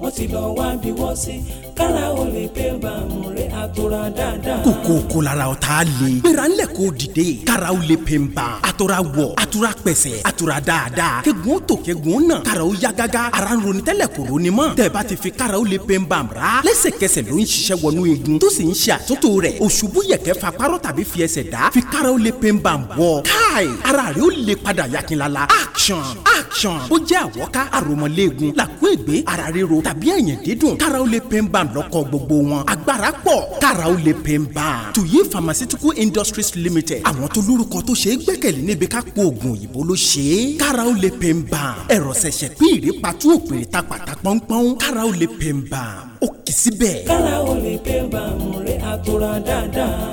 wọ́n ti lọ́ọ́ wá bí wọ́n sí kára o lè pé bàmù rẹ̀ àtòrà dáadáa. kòkó kò lára o t'a le. gbéra ńlẹ̀ k'o dìde. kára o lè pè nbà. àtòrà wọ̀ àtòrà pẹ̀sẹ̀ àtòrà dáadáa. kẹ́gun tó kẹ́gun náà. kára o ya gágá. ara ń ronú tẹ́lẹ̀ kò ronú mọ́. tẹ̀bá ti fi kára o lè pè nbà mọ́ra. lẹ́sẹ̀kẹsẹ̀ ló ń ṣiṣẹ́ wọnú igun. tó sì ń ṣe àtúntò rẹ̀. òṣùbù yẹ̀kẹ́ fa párọ̀ tàbí fi ẹsẹ̀ dá. fi kára o lè pè nbà wọ̀. káì ara rẹ̀ ó lè padà yakinlala. action action. ó jẹ́ àwọ̀ká àròmọ̀lẹ́gun làkúègbé ara ríro tàbí ẹ̀yìn dídùn. kára o lè pè nbà islam lọ́kọ̀ gbogbo wọn agbára pọ̀ kára ó lè pè ń bá a. tuyi pharmaceutical industries limited àwọn tó lórúkọ tó ṣe é gbẹ́kẹ̀lé níbi ká po oògùn òyìnbó ló ṣe é kára ó lè pè ń bá a. ẹ̀rọ ṣẹ̀ṣẹ̀ pín ìrèpàtú òpèrè ta pàtà pọ́npọ́n kára ó lè pè ń bá a ó kì í síbẹ̀. kára ó lè pè ń bá a mú rẹ̀ àtúrà dáadáa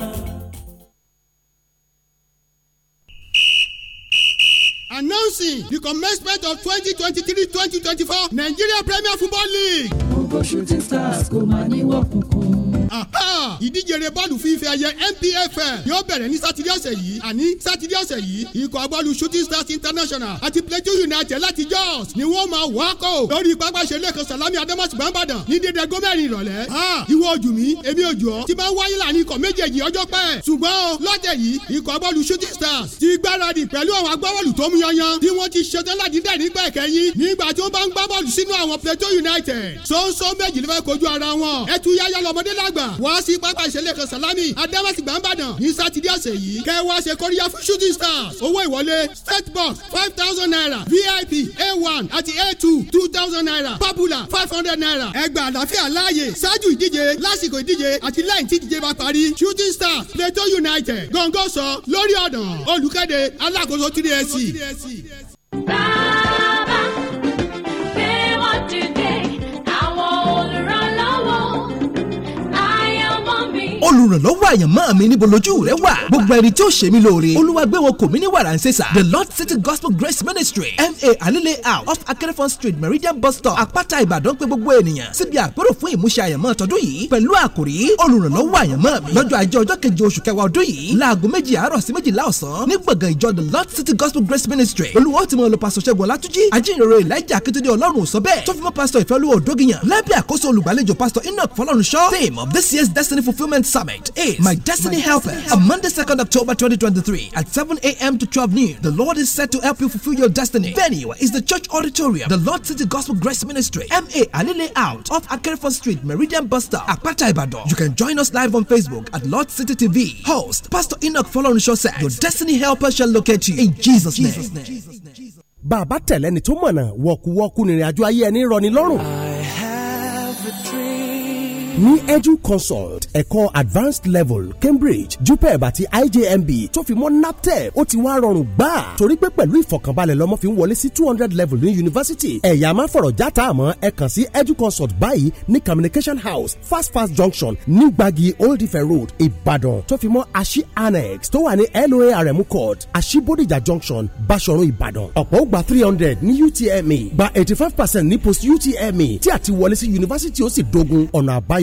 announcing the commencement of 2023-2024 Nigeria Premier Football League. gbogbo shooting stars kò máa ní wọ́pùnkùn ìdíje eré bọ́ọ̀lù fífẹ́ ẹyẹ NPFL yóò bẹ̀rẹ̀ ní sátidé ọ̀sẹ̀ yìí àní sátidé ọ̀sẹ̀ yìí ikọ̀ agbọ́ọ̀lù shooting stars international àti plateau united láti jos ni wọ́n máa wákọ̀ lórí pápá ìṣeré kan salami adamus gbàǹbàdàn ní dédé gómẹ̀rin ìrọ̀lẹ́ ìwọ ojú mi èmi ojú ọ ti máa wáyé láàrin ikọ̀ méjèèjì ọjọ́ pẹ́ ṣùgbọ́n lọ́tẹ̀ yìí ikọ̀ agbọ́ọ̀lù shooting stars ti gbáradì pẹ̀lú àwọn agbábọ́ọ̀lù tó mú yanyan tí wọ́n ti ṣetán láti dẹ̀ nígbà ìkẹyìn nígbà tí wọ́n bá ń gbá bọ́ọ̀lù sínú àwọn plateau united ṣóńṣó méjì ló fẹ́ kojú ara wọn ẹtú yáyá lọmọdé lágbà gbà wá sí pápá ìṣẹ̀lẹ̀ kan salami adamasi gbàǹbàdàn ní sátidé ọ̀sẹ̀ yìí kẹ́ wá ṣe kóríyá fún shooting stars owó ìwọlé state box five thousand naira vip a one àti a two two thousand naira popular five hundred naira ẹgbàá àlàáfíà láàyè ṣáájú ìdíje lásìkò ìdíje àti lẹ́yìn tí ìdíje bá parí shooting stars plateau united gọ́ngọ́ sọ lórí ọ̀dàn olùkéde alákòóso three sc. olùrànlọ́wọ́ àyànmọ́ mi níbo lójú rẹ wà gbogbo ẹni tí ó ṣe mí lóore olúwa gbé wọn kò mí ní wàrà ń ṣèṣà the lord city gospel grace ministry ma alele house off akẹ́rẹ́fọ́n street meridian bus stop àpáta ìbàdàn pé gbogbo ènìyàn síbi àpérò fún ìmúṣẹ àyànmọ́ tọdún yìí pẹ̀lú àkòrí olùrànlọ́wọ́ àyànmọ́ mi lọ́jọ́ ajé ọjọ́ keje oṣù kẹwàá ọdún yìí láago méjì àárọ̀ sí méjìlá ọ̀sán ní gbọ̀ngàn ìjọ the lord city gospel grace ministry olúwa ti mọ lọ pásítọ̀ ṣẹ́gun ọlátúnjí ajínrere elijah akíntúndé ọlọ́run sọ bẹ́ẹ̀ tó fi mọ́ pásítọ̀ ìfẹ́ olúwa òdógìyàn lábẹ́ àkóso olùgbàlejò pásítọ̀ enoch fọlọ́runṣọ́ theme of this year's destiny fulfilment Muhammad is my destiny helper. Destiny on Monday, 2nd October 2023 at 7 a.m. to 12 noon, the Lord is set to help you fulfill your destiny. Venue is the Church Auditorium, the Lord City Gospel Grace Ministry, MA Ali Layout off Akerford Street, Meridian Buster, Apata Ibadan. You can join us live on Facebook at Lord City TV. Host Pastor Enoch Folorunsho says, Your destiny helper shall locate you in Jesus' name. Jesus name. bàbá tẹ̀lẹ́ni tó mọ̀nà wọ̀kúwọ́kú nìrìn àjò ayé ẹni rọ̀ ní lọ́rùn ní edu consult ẹ̀kọ́ advanced level cambridge jupeb àti ijmb tó fi mọ́ naptep ó ti wá rọrùn gbà torí pé pẹ̀lú ìfọ̀kànbalẹ̀ lọ́mọ fi ń wọlé sí two hundred level ní yunifásitì ẹ̀yà máa fọ̀rọ̀ játa àmọ́ ẹ kàn sí edu consult báyìí ní communication house fast fast junction ní gbagi old ife road ìbàdàn tó fi mọ́ aṣí annex tó wà ní loarm court aṣí bodijà junction basọ̀run ìbàdàn ọ̀pọ̀ ó gba three hundred ní utme gba eighty five percent ní post utme tí àti wọlé sí yunifásitì ó sì dogun ọ̀nà àbáyọ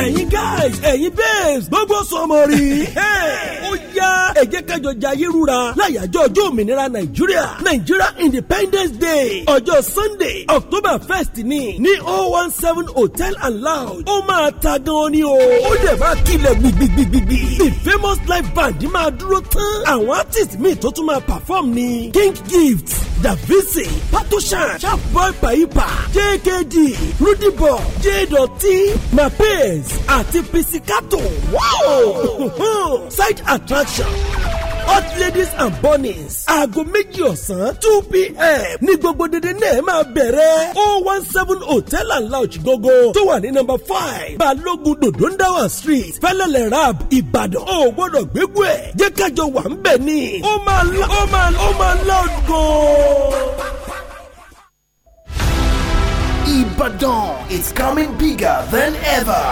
ẹ̀yin guys ẹ̀yin babes gbogbo sọmọ rí. ó ẹ jẹ́ ká jọ jayé rúra láyàjọ́ ọjọ́ òmìnira nàìjíríà nàìjíríà independence day ọjọ́ sunday october first ni ní oh one seven hotel and lounge ó máa ta gan ni o ó dẹ̀ máa kílẹ̀ gbìgbìgbìgbì the famous live band máa dúró tán àwọn artist míì tó tún máa perform ni king gift davisi patoshan sharpboy paipa jkd rudibo jdoti mapes àti pisicato wow side attraction hot ladies and bunnies aago méjì ọ̀sán two pm ní gbogbo dédé náà máa bẹ̀rẹ̀ oh one seven hotel and lounge gogo tó wà ní number five balógun dòdòndáwà street fẹlẹ́lẹ̀ rap ìbàdàn ò gbọ́dọ̀ gbégbó ẹ̀ jẹ́ kájọ wà ń bẹ̀ ni ó máa lá ó máa ó máa loud go. Ibadan is coming bigger than ever.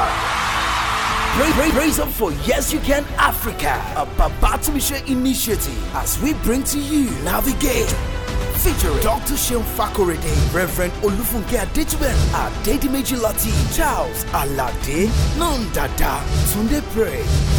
Praise, praise, praise up for Yes You Can Africa, a Babatumisha initiative as we bring to you Navigate featuring Dr. Sheun Fakorede, Reverend Olufunke Adetuben, Adedimeji Lati, Charles Alade, Nandada, Tunde Pray,